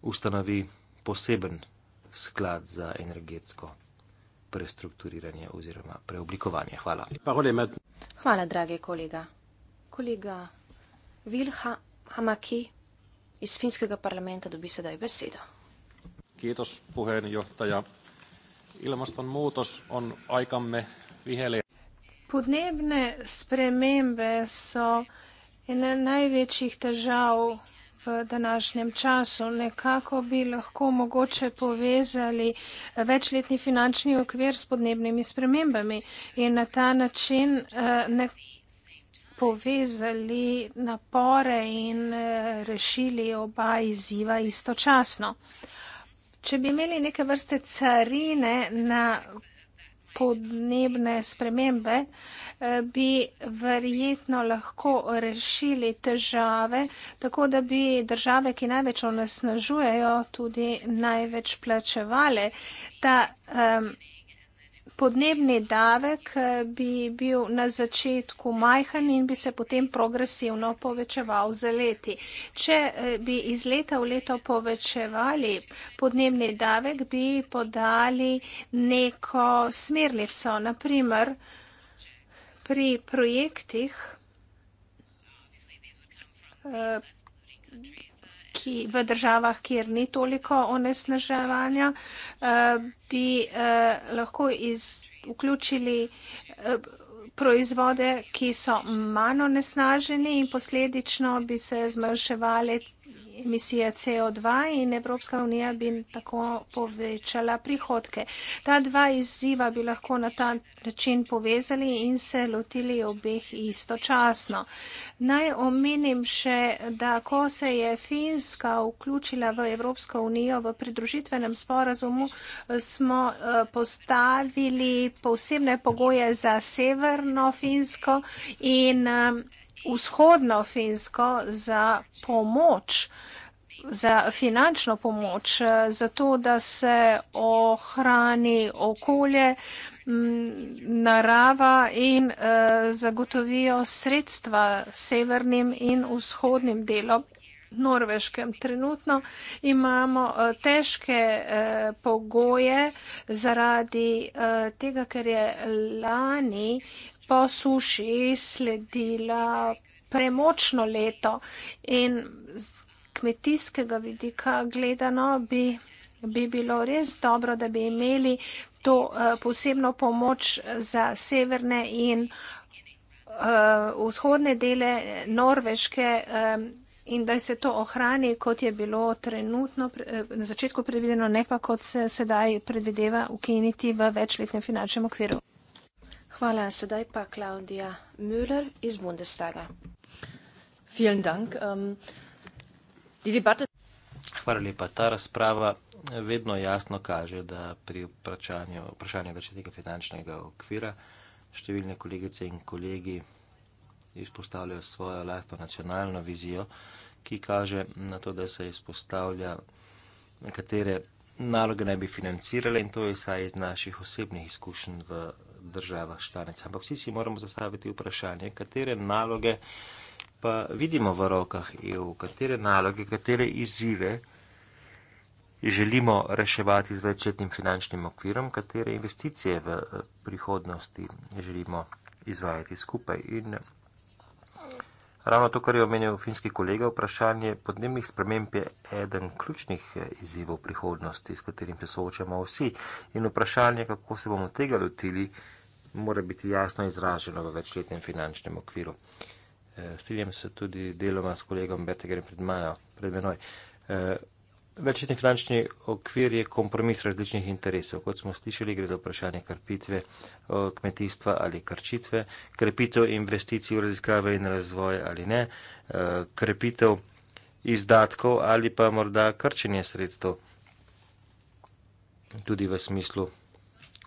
ustanovi poseben sklad za energetsko prestrukturiranje oziroma preoblikovanje. Hvala. Hvala, drage kolega. Kolega Vilha Hamaki iz finskega parlamenta dobi sedaj besedo. Kitos, Podnebne spremembe so ena največjih težav današnjem času. Nekako bi lahko mogoče povezali večletni finančni okvir s podnebnimi spremembami in na ta način eh, povezali napore in eh, rešili oba izziva istočasno. Če bi imeli neke vrste carine na podnebne spremembe, eh, bi verjetno lahko rešili težave, tako da bi države, ki največ onesnažujejo, tudi največ plačevale. Ta, um, podnebni davek eh, bi bil na začetku majhen in bi se potem progresivno povečeval za leti. Če eh, bi iz leta v leto povečevali podnebni davek, bi podali neko smernico. Naprimer, pri projektih eh, ki, v državah, kjer ni toliko onesnaževanja, eh, bi eh, lahko iz, vključili eh, proizvode, ki so manj onesnaženi in posledično bi se zmanjševali emisije CO2 in Evropska unija bi tako povečala prihodke. Ta dva izziva bi lahko na ta način povezali in se lotili obeh istočasno. Naj omenim še, da ko se je Finska vključila v Evropsko unijo v pridružitvenem sporazumu, smo eh, postavili posebne pogoje za severno Finsko in um, vzhodno Finsko za pomoč, za finančno pomoč, za to, da se ohrani okolje, narava in eh, zagotovijo sredstva severnim in vzhodnim delom. Norveškem. Trenutno imamo eh, težke eh, pogoje zaradi tega, ker je lani po suši sledilo premočno leto in z kmetijskega vidika gledano bi, bi bilo res dobro, da bi imeli to eh, posebno pomoč za severne in eh, vzhodne dele Norveške eh, in da se to ohrani, kot je bilo trenutno na začetku predvideno, ne pa kot se sedaj predvideva ukiniti v večletnem finančnem okviru. Hvala. Sedaj pa Klaudija Müller iz Bundestaga. Ähm, Hvala lepa. Ta razprava vedno jasno kaže, da pri vprašanju, vprašanju začetnega finančnega okvira številne kolegice in kolegi izpostavljajo svojo lastno nacionalno vizijo, ki kaže na to, da se izpostavlja, katere naloge naj bi financirale in to je vsaj iz naših osebnih izkušenj v država članica. Ampak vsi si moramo zastaviti vprašanje, katere naloge pa vidimo v rokah EU, katere naloge, katere izzive želimo reševati z večetnim finančnim okvirom, katere investicije v eh, prihodnosti želimo izvajati skupaj. In eh, ravno to, kar je omenil finski kolega, vprašanje podnebnih sprememb je eden ključnih eh, izzivov prihodnosti, s katerim se soočamo vsi. In vprašanje, kako se bomo tega lotili, mora biti jasno izraženo v večletnem finančnem okviru. Eh, strinjam se tudi deloma s kolegom Bertegerem pred, pred menoj. Eh, večletni finančni okvir je kompromis različnih interesov. Kot smo slišali, gre za vprašanje krpitve eh, kmetijstva ali krčitve, krepitev investicij v raziskave in razvoj ali ne, krepitev izdatkov ali pa morda krčenje sredstev tudi v smislu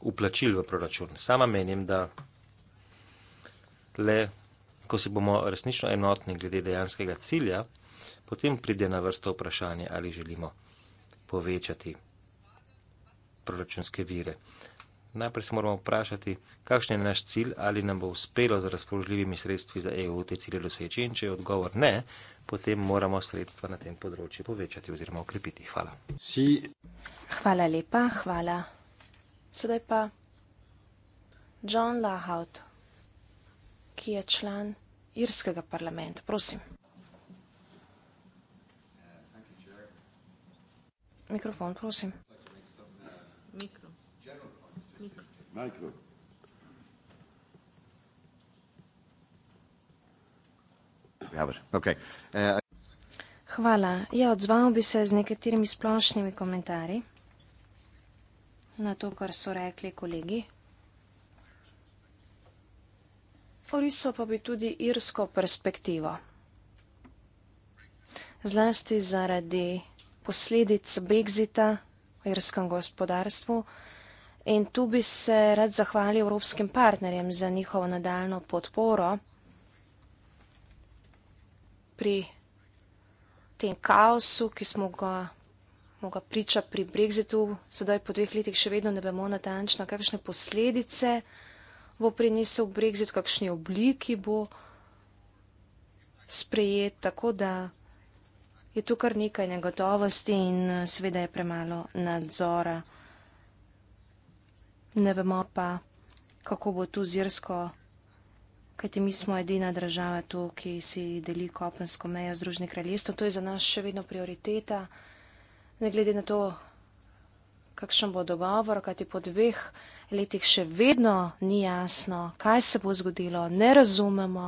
uplačil v proračun. Sama menim, da le, ko si bomo resnično enotni glede dejanskega cilja, potem pride na vrsto vprašanje, ali želimo povečati proračunske vire. Najprej se moramo vprašati, kakšen je naš cilj, ali nam bo uspelo z razpoložljivimi sredstvi za EU te cilje doseči. In če je odgovor ne, potem moramo sredstva na tem področju povečati oziroma okrepiti. Hvala. Si. Hvala lepa, hvala. Sedaj pa John Lahout, ki je član Irskega parlamenta. Prosim. Mikrofon, prosim. Mikro. Mikro. Hvala. Ja, odzval bi se z nekaterimi splošnimi komentarji na to, kar so rekli kolegi. Poriso pa bi tudi irsko perspektivo. Zlasti zaradi posledic Brexita v irskem gospodarstvu in tu bi se rad zahvalil evropskim partnerjem za njihovo nadaljno podporo pri tem kaosu, ki smo ga moga priča pri Brexitu, sedaj po dveh letih še vedno ne vemo natančno, kakšne posledice bo prinesel Brexit, kakšni obliki bo sprejet, tako da je tu kar nekaj negotovosti in eh, seveda je premalo nadzora. Ne vemo pa, kako bo tu zirsko, kajti mi smo edina država tu, ki si deli kopensko mejo z Združenim kraljestvom. To je za nas še vedno prioriteta ne glede na to, kakšen bo dogovor, kajti po dveh letih še vedno ni jasno, kaj se bo zgodilo, ne razumemo,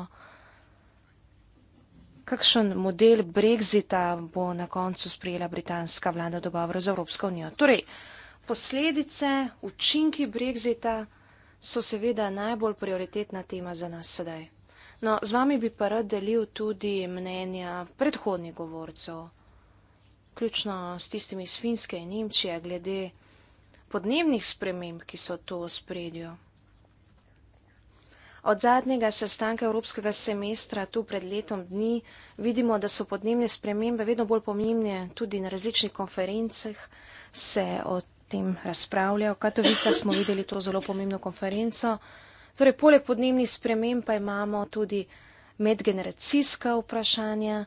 kakšen model brexita bo na koncu sprejela britanska vlada v dogovoru z Evropsko unijo. Torej, posledice, učinki brexita so seveda najbolj prioritetna tema za nas sedaj. No, z vami bi pa rad delil tudi mnenja predhodnih govorcev vključno s tistimi iz Finske in Nemčije, glede podnebnih sprememb, ki so to spredjo. Od zadnjega sestanka Evropskega semestra tu pred letom dni vidimo, da so podnebne spremembe vedno bolj pomembne tudi na različnih konferencah, se o tem razpravlja. V Katovicah smo videli to zelo pomembno konferenco. Torej, poleg podnebnih sprememb pa imamo tudi medgeneracijska vprašanja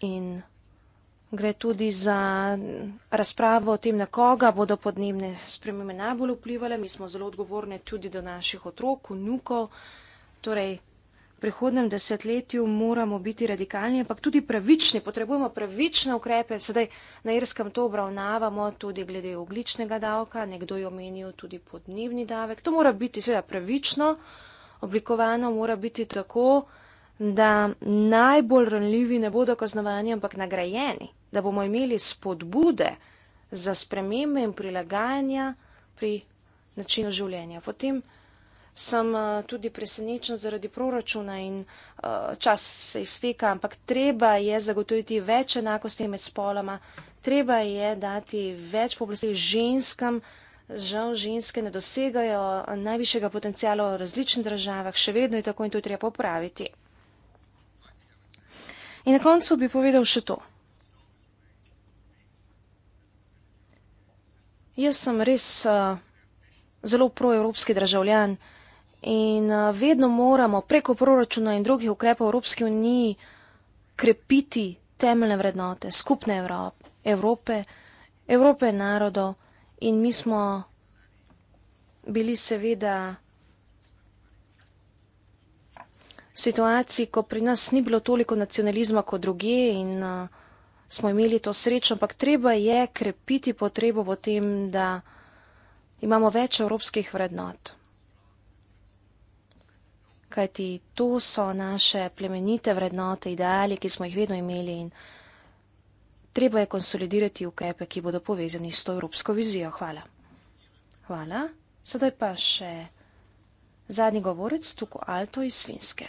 in gre tudi za razpravo o tem, na koga bodo podnebne spremembe najbolj vplivali. Mi smo zelo odgovorni tudi do naših otrok, vnukov. Torej, v prihodnem desetletju moramo biti radikalni, ampak tudi pravični, potrebujemo pravične ukrepe. Sedaj na Irskem to obravnavamo tudi glede ogličnega davka, nekdo je omenil tudi podnebni davek. To mora biti seveda pravično, oblikovano mora biti tako, da najbolj ranljivi ne bodo kaznovani, ampak nagrajeni, da bomo imeli spodbude za spremembe in prilagajanja pri načinu življenja. Potem sem eh, tudi presenečen zaradi proračuna in eh, čas se izteka, ampak treba je zagotoviti več enakosti med spoloma, treba je dati več poblastil ženskam. Žal ženske ne dosegajo najvišjega potencijala v različnih državah, še vedno je tako in to treba popraviti. In na koncu bi povedal še to. Jaz sem res uh, zelo proevropski državljan in uh, vedno moramo preko proračuna in drugih ukrepov Evropske unije krepiti temeljne vrednote skupne Evrope, Evrope, Evrope narodov in mi smo bili seveda. situaciji, ko pri nas ni bilo toliko nacionalizma kot druge in uh, smo imeli to srečo, ampak treba je krepiti potrebo po tem, da imamo več evropskih vrednot. Kajti to so naše plemenite vrednote, ideali, ki smo jih vedno imeli in treba je konsolidirati ukrepe, ki bodo povezani s to evropsko vizijo. Hvala. Hvala. Sedaj pa še zadnji govorec, tukaj Alto iz Finske.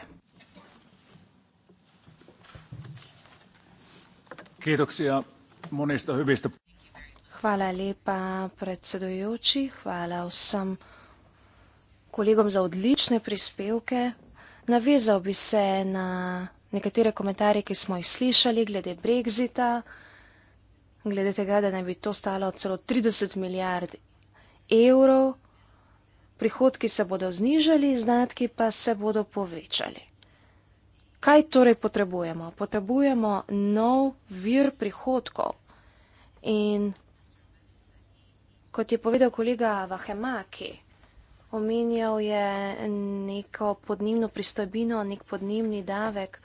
Kedoksia, monista hyvistä. Hvala lepa, predsedujoči. Hvala vsem kolegom za odlične prispevke. Navezal bi se na nekatere komentarje, ki smo jih slišali glede Brexita, glede tega, da naj bi to stalo celo 30 milijard evrov. Prihodki se bodo znižali, izdatki pa se bodo povečali. Kaj torej potrebujemo? Potrebujemo nov vir prihodkov. In kot je povedal kolega Vahemaki, omenjal je neko podnebno pristojbino, nek podnebni davek.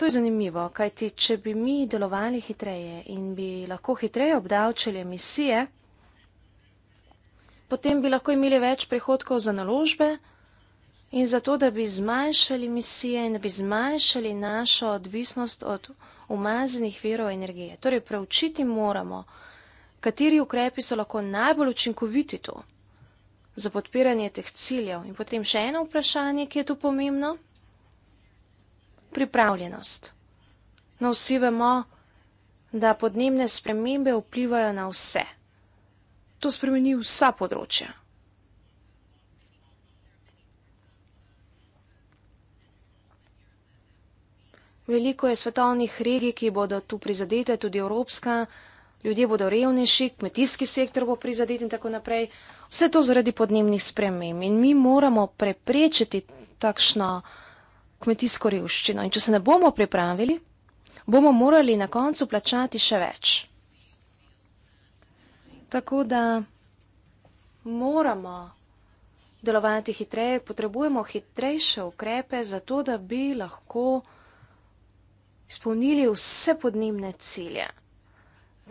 To je zanimivo, kajti če bi mi delovali hitreje in bi lahko hitreje obdavčili emisije, potem bi lahko imeli več prihodkov za naložbe, In zato, da bi zmanjšali misije in da bi zmanjšali našo odvisnost od umazanih virov energije. Torej, preučiti moramo, kateri ukrepi so lahko najbolj učinkoviti tu za podpiranje teh ciljev. In potem še eno vprašanje, ki je tu pomembno. Pripravljenost. No, vsi vemo, da podnebne spremembe vplivajo na vse. To spremeni vsa področja. Veliko je svetovnih regij, ki bodo tu prizadete, tudi evropska, ljudje bodo revnejši, kmetijski sektor bo prizadet in tako naprej. Vse to zaradi podnebnih sprememb in mi moramo preprečiti takšno kmetijsko revščino. In če se ne bomo pripravili, bomo morali na koncu plačati še več. Tako da moramo delovati hitreje, potrebujemo hitrejše ukrepe, zato da bi lahko izpolnili vse podnebne cilje,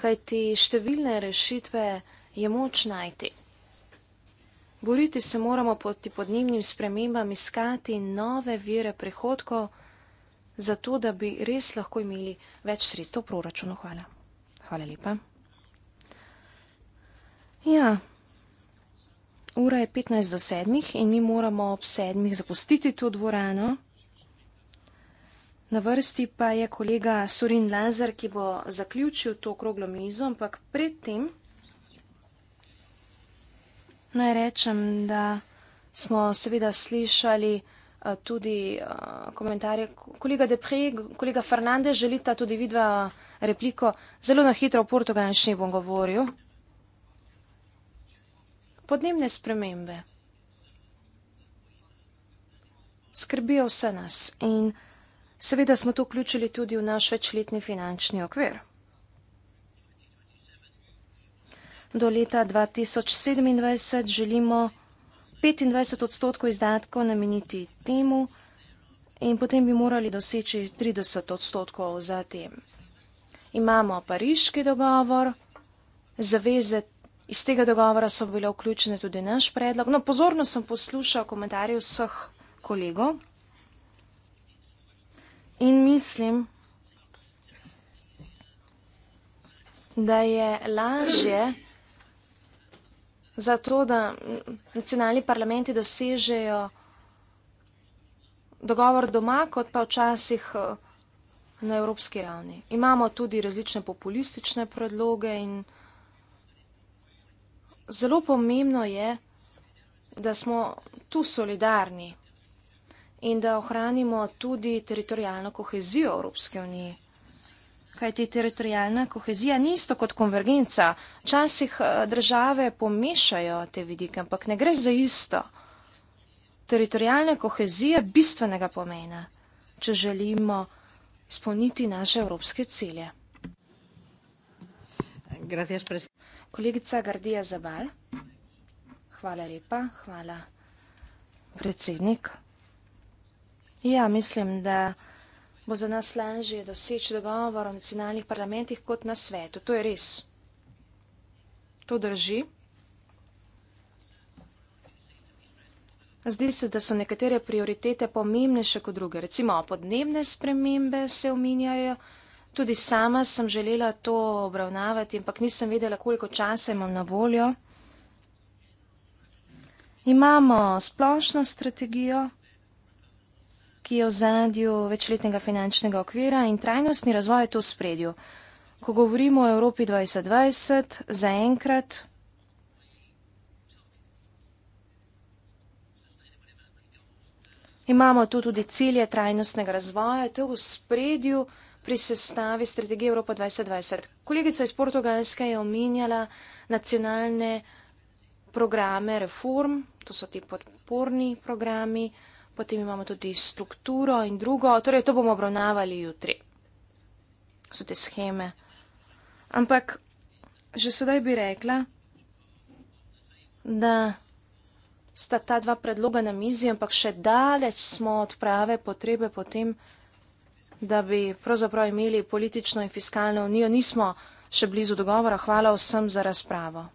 kajti številne rešitve je moč najti. Boriti se moramo proti podnebnim spremembam, iskati nove vire prihodkov, zato da bi res lahko imeli več sredstev v proračunu. Hvala. Hvala lepa. Ja, ura je 15 do 7 in mi moramo ob 7 zapustiti to dvorano. Na vrsti pa je kolega Sorin Lazar, ki bo zaključil to okroglo mizo, ampak predtem naj rečem, da smo seveda slišali eh, tudi eh, komentarje. Kolega Depre, kolega Fernandez, želita tudi vidva repliko. Zelo na hitro o portugalščini bom govoril. Podnebne spremembe skrbijo vse nas in vse. Seveda smo to vključili tudi v naš večletni finančni okvir. Do leta 2027 želimo 25 odstotkov izdatkov nameniti temu in potem bi morali doseči 30 odstotkov za tem. Imamo pariški dogovor, zaveze iz tega dogovora so bile vključene tudi naš predlog. No, pozorno sem poslušal komentarje vseh kolegov mislim, da je lažje za to, da nacionalni parlamenti dosežejo dogovor doma, kot pa včasih eh, na evropski ravni. Imamo tudi različne populistične predloge in zelo pomembno je, da smo tu solidarni in da ohranimo tudi teritorijalno kohezijo Evropske unije. Kaj ti teritorijalna kohezija ni isto kot konvergenca? Včasih eh, države pomešajo te vidike, ampak ne gre za isto. Teritorijalna kohezija je bistvenega pomena, če želimo izpolniti naše evropske cilje. Gracias, Kolegica Gardija Zabal, hvala lepa, hvala predsednik. Ja, mislim, da bo za nas lažje doseči dogovor o nacionalnih parlamentih kot na svetu. To je res. To drži. Zdi se, da so nekatere prioritete pomembnejše kot druge. Recimo podnebne spremembe se omenjajo. Tudi sama sem želela to obravnavati, ampak nisem vedela, koliko časa imam na voljo. Imamo splošno strategijo, ki je v zadju večletnega finančnega okvira in trajnostni razvoj je to spredju. Ko govorimo o Evropi 2020, zaenkrat. Imamo tu tudi cilje trajnostnega razvoja, to je v spredju pri sestavi strategije Evropa 2020. Kolegica iz Portugalske je omenjala nacionalne programe reform, to so ti podporni programi. Potem imamo tudi strukturo in drugo, torej to bomo obravnavali jutri. So te scheme. Ampak že sedaj bi rekla, da sta ta dva predloga na mizi, ampak še daleč smo od prave potrebe potem, da bi pravzaprav imeli politično in fiskalno unijo. Nismo še blizu dogovora. Hvala vsem za razpravo.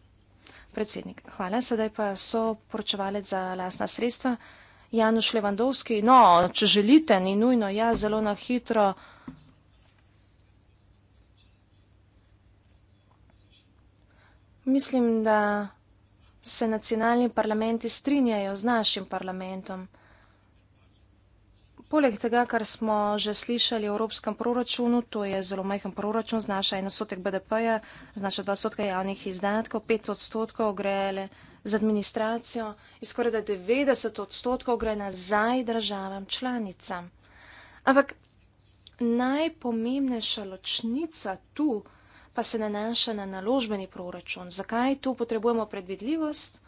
Predsednik, hvala. Sedaj pa so poročevalec za lasna sredstva. Januš Levandovski. No, če želite, ni nujno, ja, zelo na hitro. Mislim, da se nacionalni parlamenti strinjajo z našim parlamentom. Poleg tega, kar smo že slišali v evropskem proračunu, to je zelo majhen proračun, znaša en odstotek BDP-ja, znaša dva odstotka javnih izdatkov, pet odstotkov grele z administracijo in skoraj da 90 odstotkov gre nazaj državam članicam. Ampak najpomembnejša ločnica tu pa se nanaša na naložbeni proračun. Zakaj tu potrebujemo predvidljivost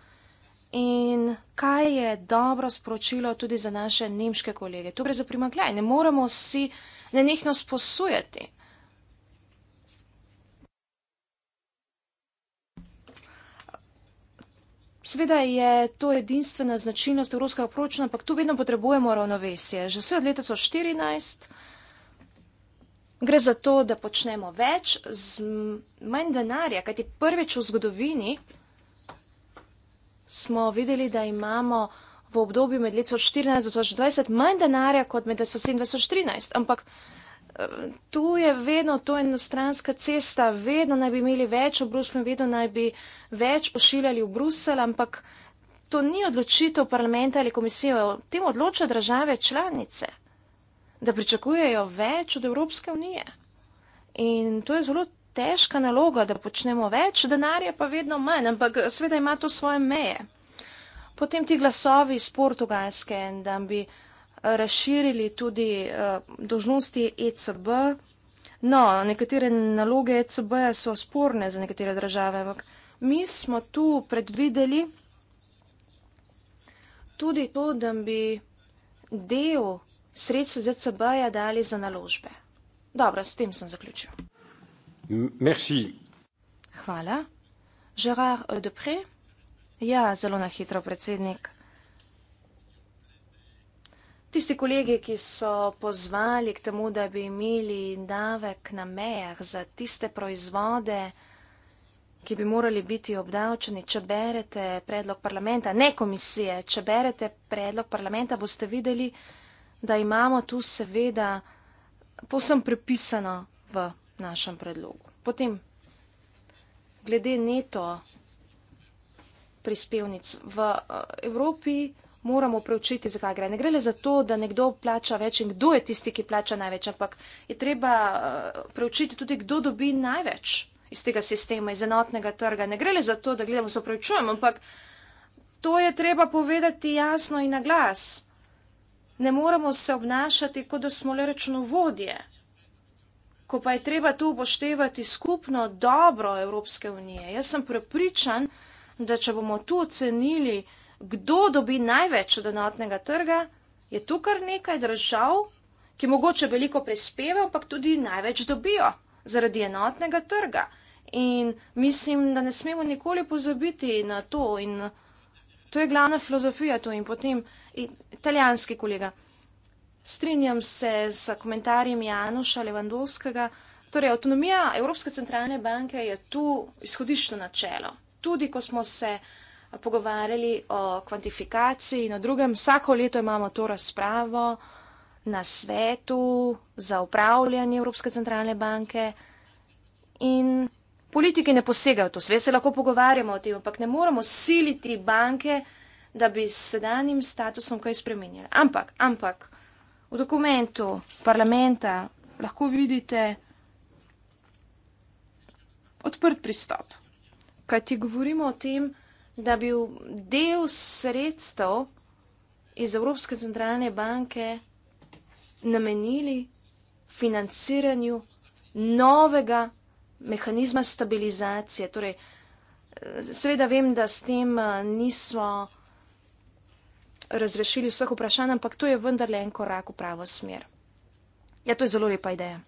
in kaj je dobro sporočilo tudi za naše nemške kolege? Tu gre za primakljaj. Ne moramo vsi nenehno sposujati. Sveda je to edinstvena značilnost evropskega proračuna, ampak tu vedno potrebujemo ravnovesje. Že vse od leta 2014 gre za to, da počnemo več z manj denarja, kajti prvič v zgodovini smo videli, da imamo v obdobju med leta 2014 do 2020 manj denarja kot med leta 2017 in 2013. Ampak tu je vedno to enostranska cesta, vedno naj bi imeli več v Bruslu in vedno naj bi več pošiljali v Brusel, ampak to ni odločitev parlamenta ali komisije, o tem odloča države članice, da pričakujejo več od Evropske unije. In to je zelo težka naloga, da počnemo več, denarja pa vedno manj, ampak sveda ima to svoje meje. Potem ti glasovi iz Portugalske, da bi razširili tudi uh, eh, dožnosti ECB. No, nekatere naloge ECB -ja so sporne za nekatere države, ampak mi smo tu predvideli tudi to, da bi del sredstv z e ECB -ja dali za naložbe. Dobro, s tem sem zaključil. Merci. Hvala. Gerard Odepre. Ja, zelo na hitro, predsednik. Tisti kolegi, ki so pozvali k temu, da bi imeli davek na mejah za tiste proizvode, ki bi morali biti obdavčeni, če berete predlog parlamenta, ne komisije, če berete predlog parlamenta, boste videli, da imamo tu seveda posem prepisano v našem predlogu. Potem, glede neto prispevnic v eh, Evropi, moramo preučiti, zakaj gre. Ne gre le za to, da nekdo plača več in kdo je tisti, ki plača največ, ampak je treba eh, preučiti tudi, kdo dobi največ iz tega sistema, iz enotnega trga. Ne gre le za to, da gledamo, se preučujemo, ampak to je treba povedati jasno in na glas. Ne moramo se obnašati, kot da smo le računovodje. Ko pa je treba tu upoštevati skupno dobro Evropske unije. Jaz sem prepričan, da če bomo tu ocenili, kdo dobi največ od enotnega trga, je tu kar nekaj držav, ki mogoče veliko prispevajo, ampak tudi največ dobijo zaradi enotnega trga. In mislim, da ne smemo nikoli pozabiti na to. In to je glavna filozofija. To. In potem, italijanski kolega, strinjam se s komentarjem Janoša Levandovskega. Torej, avtonomija Evropske centralne banke je tu izhodišno načelo. Tudi ko smo se uh, pogovarjali o kvantifikaciji, na drugem, vsako leto imamo to razpravo na svetu za upravljanje Evropske centralne banke in politiki ne posegajo to. Sve se lahko pogovarjamo o tem, ampak ne moramo siliti banke, da bi s sedanjim statusom kaj spremenili. Ampak, ampak, v dokumentu parlamenta lahko vidite odprt pristop. Kaj ti govorimo o tem, da da bi del sredstev iz Evropske centralne banke namenili financiranju novega mehanizma stabilizacije. Torej, seveda vem, da s tem eh, nismo razrešili vseh vprašanj, ampak to je vendarle en korak v pravo smer. Ja, to je zelo lepa ideja.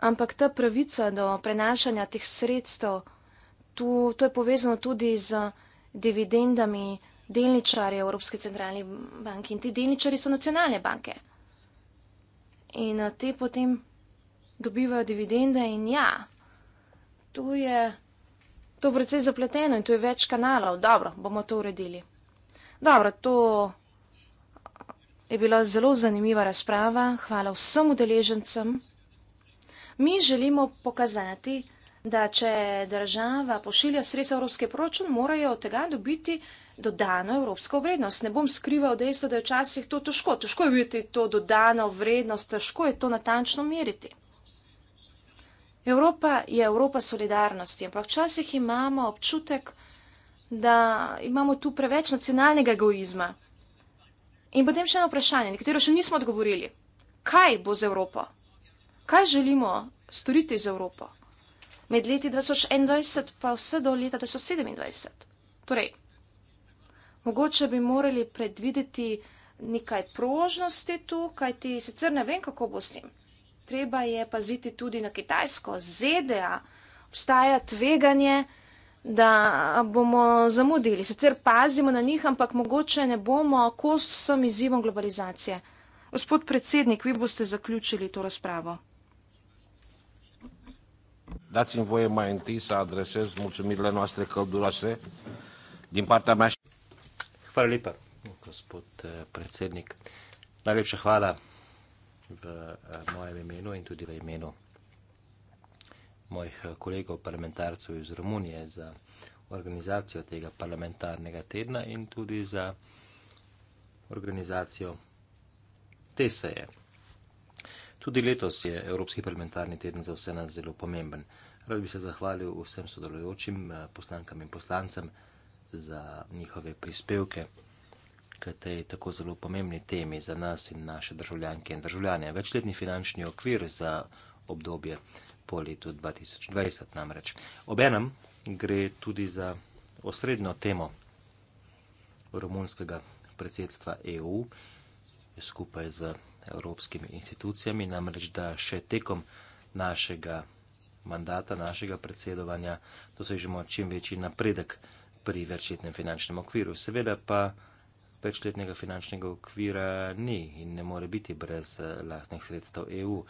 Ampak ta pravica do prenašanja teh sredstev tu, to je povezano tudi z dividendami delničarjev Evropske centralne banke in ti delničari so nacionalne banke. In eh, te potem dobivajo dividende in ja, tu je to precej zapleteno in tu je več kanalov. Dobro, bomo to uredili. Dobro, to je bila zelo zanimiva razprava. Hvala vsem udeležencem. Mi želimo pokazati, da da če država pošilja sredstva v evropski proračun, morajo od tega dobiti dodano evropsko vrednost. Ne bom skrival dejstva, da je včasih to težko. Težko je videti to dodano vrednost, težko je to natančno meriti. Evropa je Evropa solidarnosti, ampak včasih imamo občutek, da imamo tu preveč nacionalnega egoizma. In potem še eno vprašanje, nekatero še nismo odgovorili. Kaj bo z Evropo? Kaj želimo storiti z Evropo? med leti 2021 pa vse do leta 2027. Torej, mogoče bi morali predvideti nekaj prožnosti tu, kaj ti sicer ne vem, kako bo s tem. Treba je paziti tudi na Kitajsko, ZDA, obstaja tveganje, da bomo zamudili. Sicer pazimo na njih, ampak mogoče ne bomo kos vsem izzivom globalizacije. Gospod predsednik, vi boste zaključili to razpravo. Dați-mi voie mai întâi să adresez mulțumirile noastre călduroase din partea mea. Fără lipă, gospod eh, prețednic. Najlepša hvala v eh, mojem imenu in tudi v imenu mojih eh, kolegov parlamentarcev iz Romunije za organizacijo tega parlamentarnega tedna in tudi za organizacijo te seje. Tudi letos je Evropski parlamentarni teden za vse nas zelo pomemben. Rad bi se zahvalil vsem sodelujočim eh, poslankam in poslancem za njihove prispevke k tej tako zelo pomembni temi za nas in naše državljanke in državljane. Večletni finančni okvir za obdobje po letu 2020 namreč. Obenem gre tudi za osrednjo temo romunskega predsedstva EU skupaj z evropskimi institucijami, namreč da še tekom našega mandata, našega predsedovanja dosežemo čim večji napredek pri večletnem finančnem okviru. Seveda pa večletnega finančnega okvira ni in ne more biti brez eh, lastnih sredstev EU.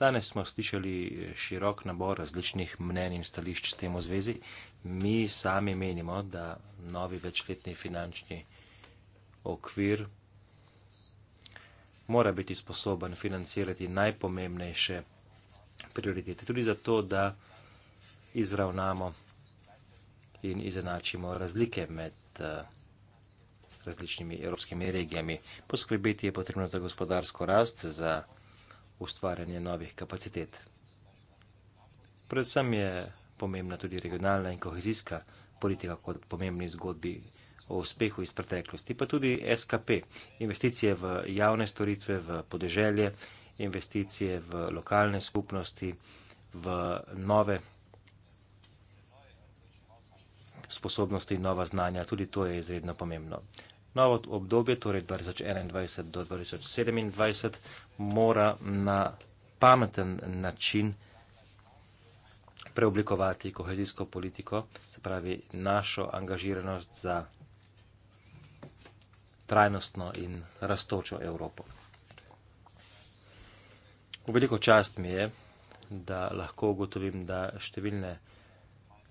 Danes smo slišali širok nabor različnih mnen in stališč s tem v zvezi. Mi sami menimo, da novi večletni finančni okvir mora biti sposoben financirati najpomembnejše prioritete. Tudi zato, da izravnamo in izenačimo razlike med eh, različnimi evropskimi regijami. Poskrbeti je potrebno za gospodarsko rast, za ustvarjanje novih kapacitet. Predvsem je pomembna tudi regionalna in kohezijska politika kot pomembni zgodbi o uspehu iz preteklosti, pa tudi SKP, investicije v javne storitve, v podeželje, investicije v lokalne skupnosti, v nove sposobnosti in nova znanja, tudi to je izredno pomembno. Novo obdobje, torej 2021 do 2027, mora na pameten način preoblikovati kohezijsko politiko, se pravi našo angažiranost za trajnostno in raztočo Evropo. V veliko čast mi je, da lahko ugotovim, da številne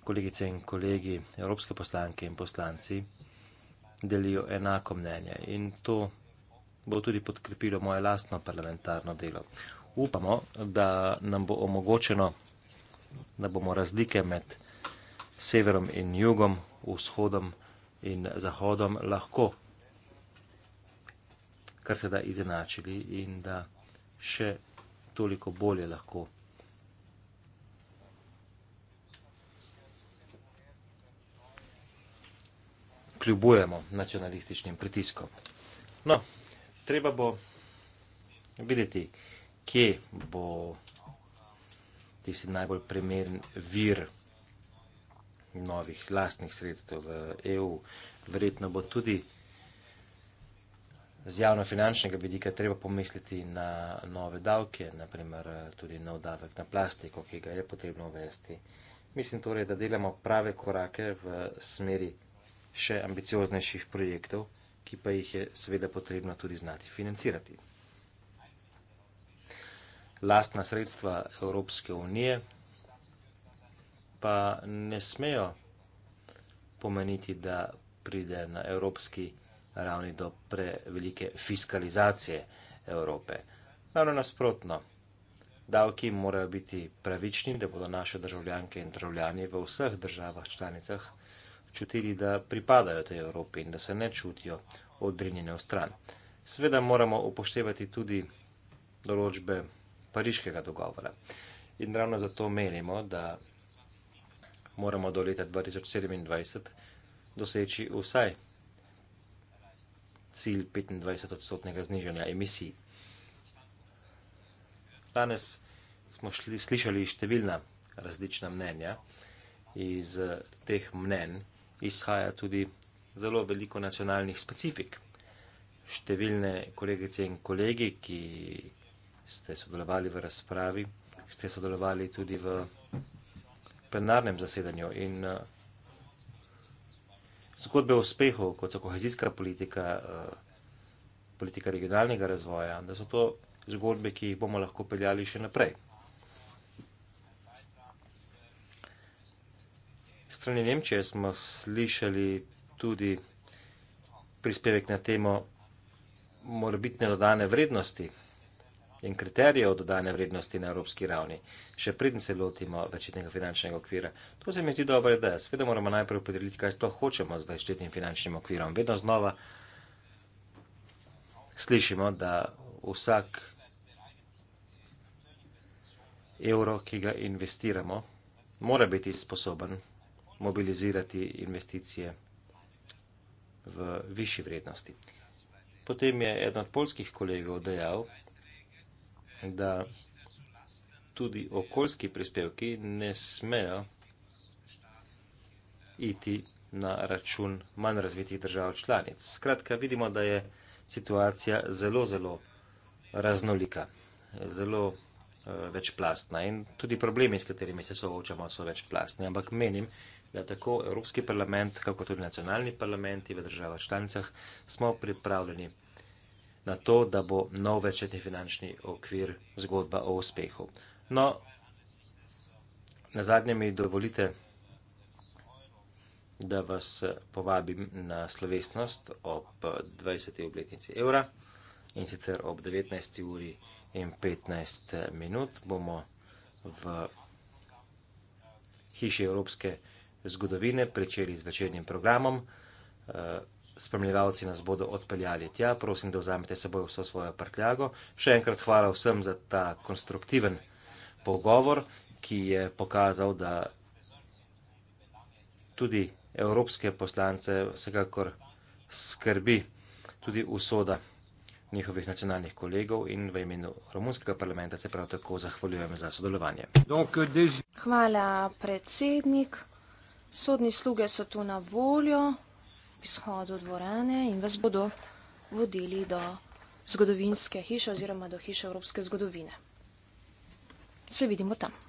kolegice in kolegi, evropske poslanke in poslanci, delijo enako mnenje in to bo tudi podkrepilo moje lastno parlamentarno delo. Upamo, da nam bo omogočeno, da bomo razlike med severom in jugom, vzhodom in zahodom lahko kar se da izenačili in da še toliko bolje lahko kljubujemo nacionalističnim pritiskom. No, treba bo videti, kje bo tisti najbolj primern vir novih lastnih sredstev v EU. Verjetno bo tudi z javnofinančnega vidika treba pomisliti na nove davke, naprimer eh, tudi na odavek na plastiko, ki ga je potrebno uvesti. Mislim torej, da delamo prave korake v smeri še ambicioznejših projektov, ki pa jih je seveda potrebno tudi znati financirati. Lastna sredstva Evropske unije pa ne smejo pomeniti, da pride na evropski projekt ravni do prevelike fiskalizacije Evrope. Ravno nasprotno, davki morajo biti pravični, da bodo naše državljanke in državljani v vseh državah članicah čutili, da pripadajo tej Evropi in da se ne čutijo odrinjene v stran. Sveda moramo upoštevati tudi določbe pariškega dogovora. In ravno zato menimo, da moramo do leta 2027 doseči vsaj cilj 25-odstotnega zniženja emisij. Danes smo šli, slišali številna različna mnenja, iz eh, teh mnen izhaja tudi zelo veliko nacionalnih specifik. Številne kolegice in kolegi, ki ste sodelovali v razpravi, ste sodelovali tudi v plenarnem zasedanju in uh, zgodbe uspehov, kot so kohezijska politika, eh, politika regionalnega razvoja, da so to zgodbe, ki jih bomo lahko peljali še naprej. Strani Nemčije smo slišali tudi prispevek na temo morbitne dodane vrednosti in kriterijev dodane vrednosti na evropski ravni, še preden se lotimo večletnega finančnega okvira. To se mi zdi dobra ideja. Sveda moramo najprej opredeliti, kaj sploh hočemo z večletnim finančnim okvirom. Vedno znova slišimo, da vsak evro, ki ga investiramo, mora biti sposoben mobilizirati investicije v višji vrednosti. Potem je eden od polskih kolegov dejal, da tudi okoljski prispevki ne smejo iti na račun manj razvitih držav članic. Skratka, vidimo, da je situacija zelo, zelo raznolika, zelo uh, večplastna in tudi problemi, s katerimi se soočamo, so večplastni. Ampak menim, da tako Evropski parlament, kako tudi nacionalni parlamenti v državah članicah smo pripravljeni na to, da bo nov večletni finančni okvir zgodba o uspehu. No, na zadnje mi dovolite, da vas eh, povabim na slovesnost ob 20. obletnici evra in sicer ob 19. uri in 15 eh, minut bomo v hiši Evropske zgodovine pričeli z večernim programom. Uh, spremljevalci nas bodo odpeljali tja. Prosim, da vzamete seboj vso svojo prtljago. Še enkrat hvala vsem za ta konstruktiven pogovor, ki je pokazal, da tudi evropske poslance vsekakor skrbi tudi usoda njihovih nacionalnih kolegov in v imenu romunskega parlamenta se prav tako zahvaljujem za sodelovanje. Euh, hvala predsednik. Sodni sluge so tu na voljo izhodu dvorane in vas bodo vodili do zgodovinske hiše oziroma do hiše evropske zgodovine. Se vidimo tam.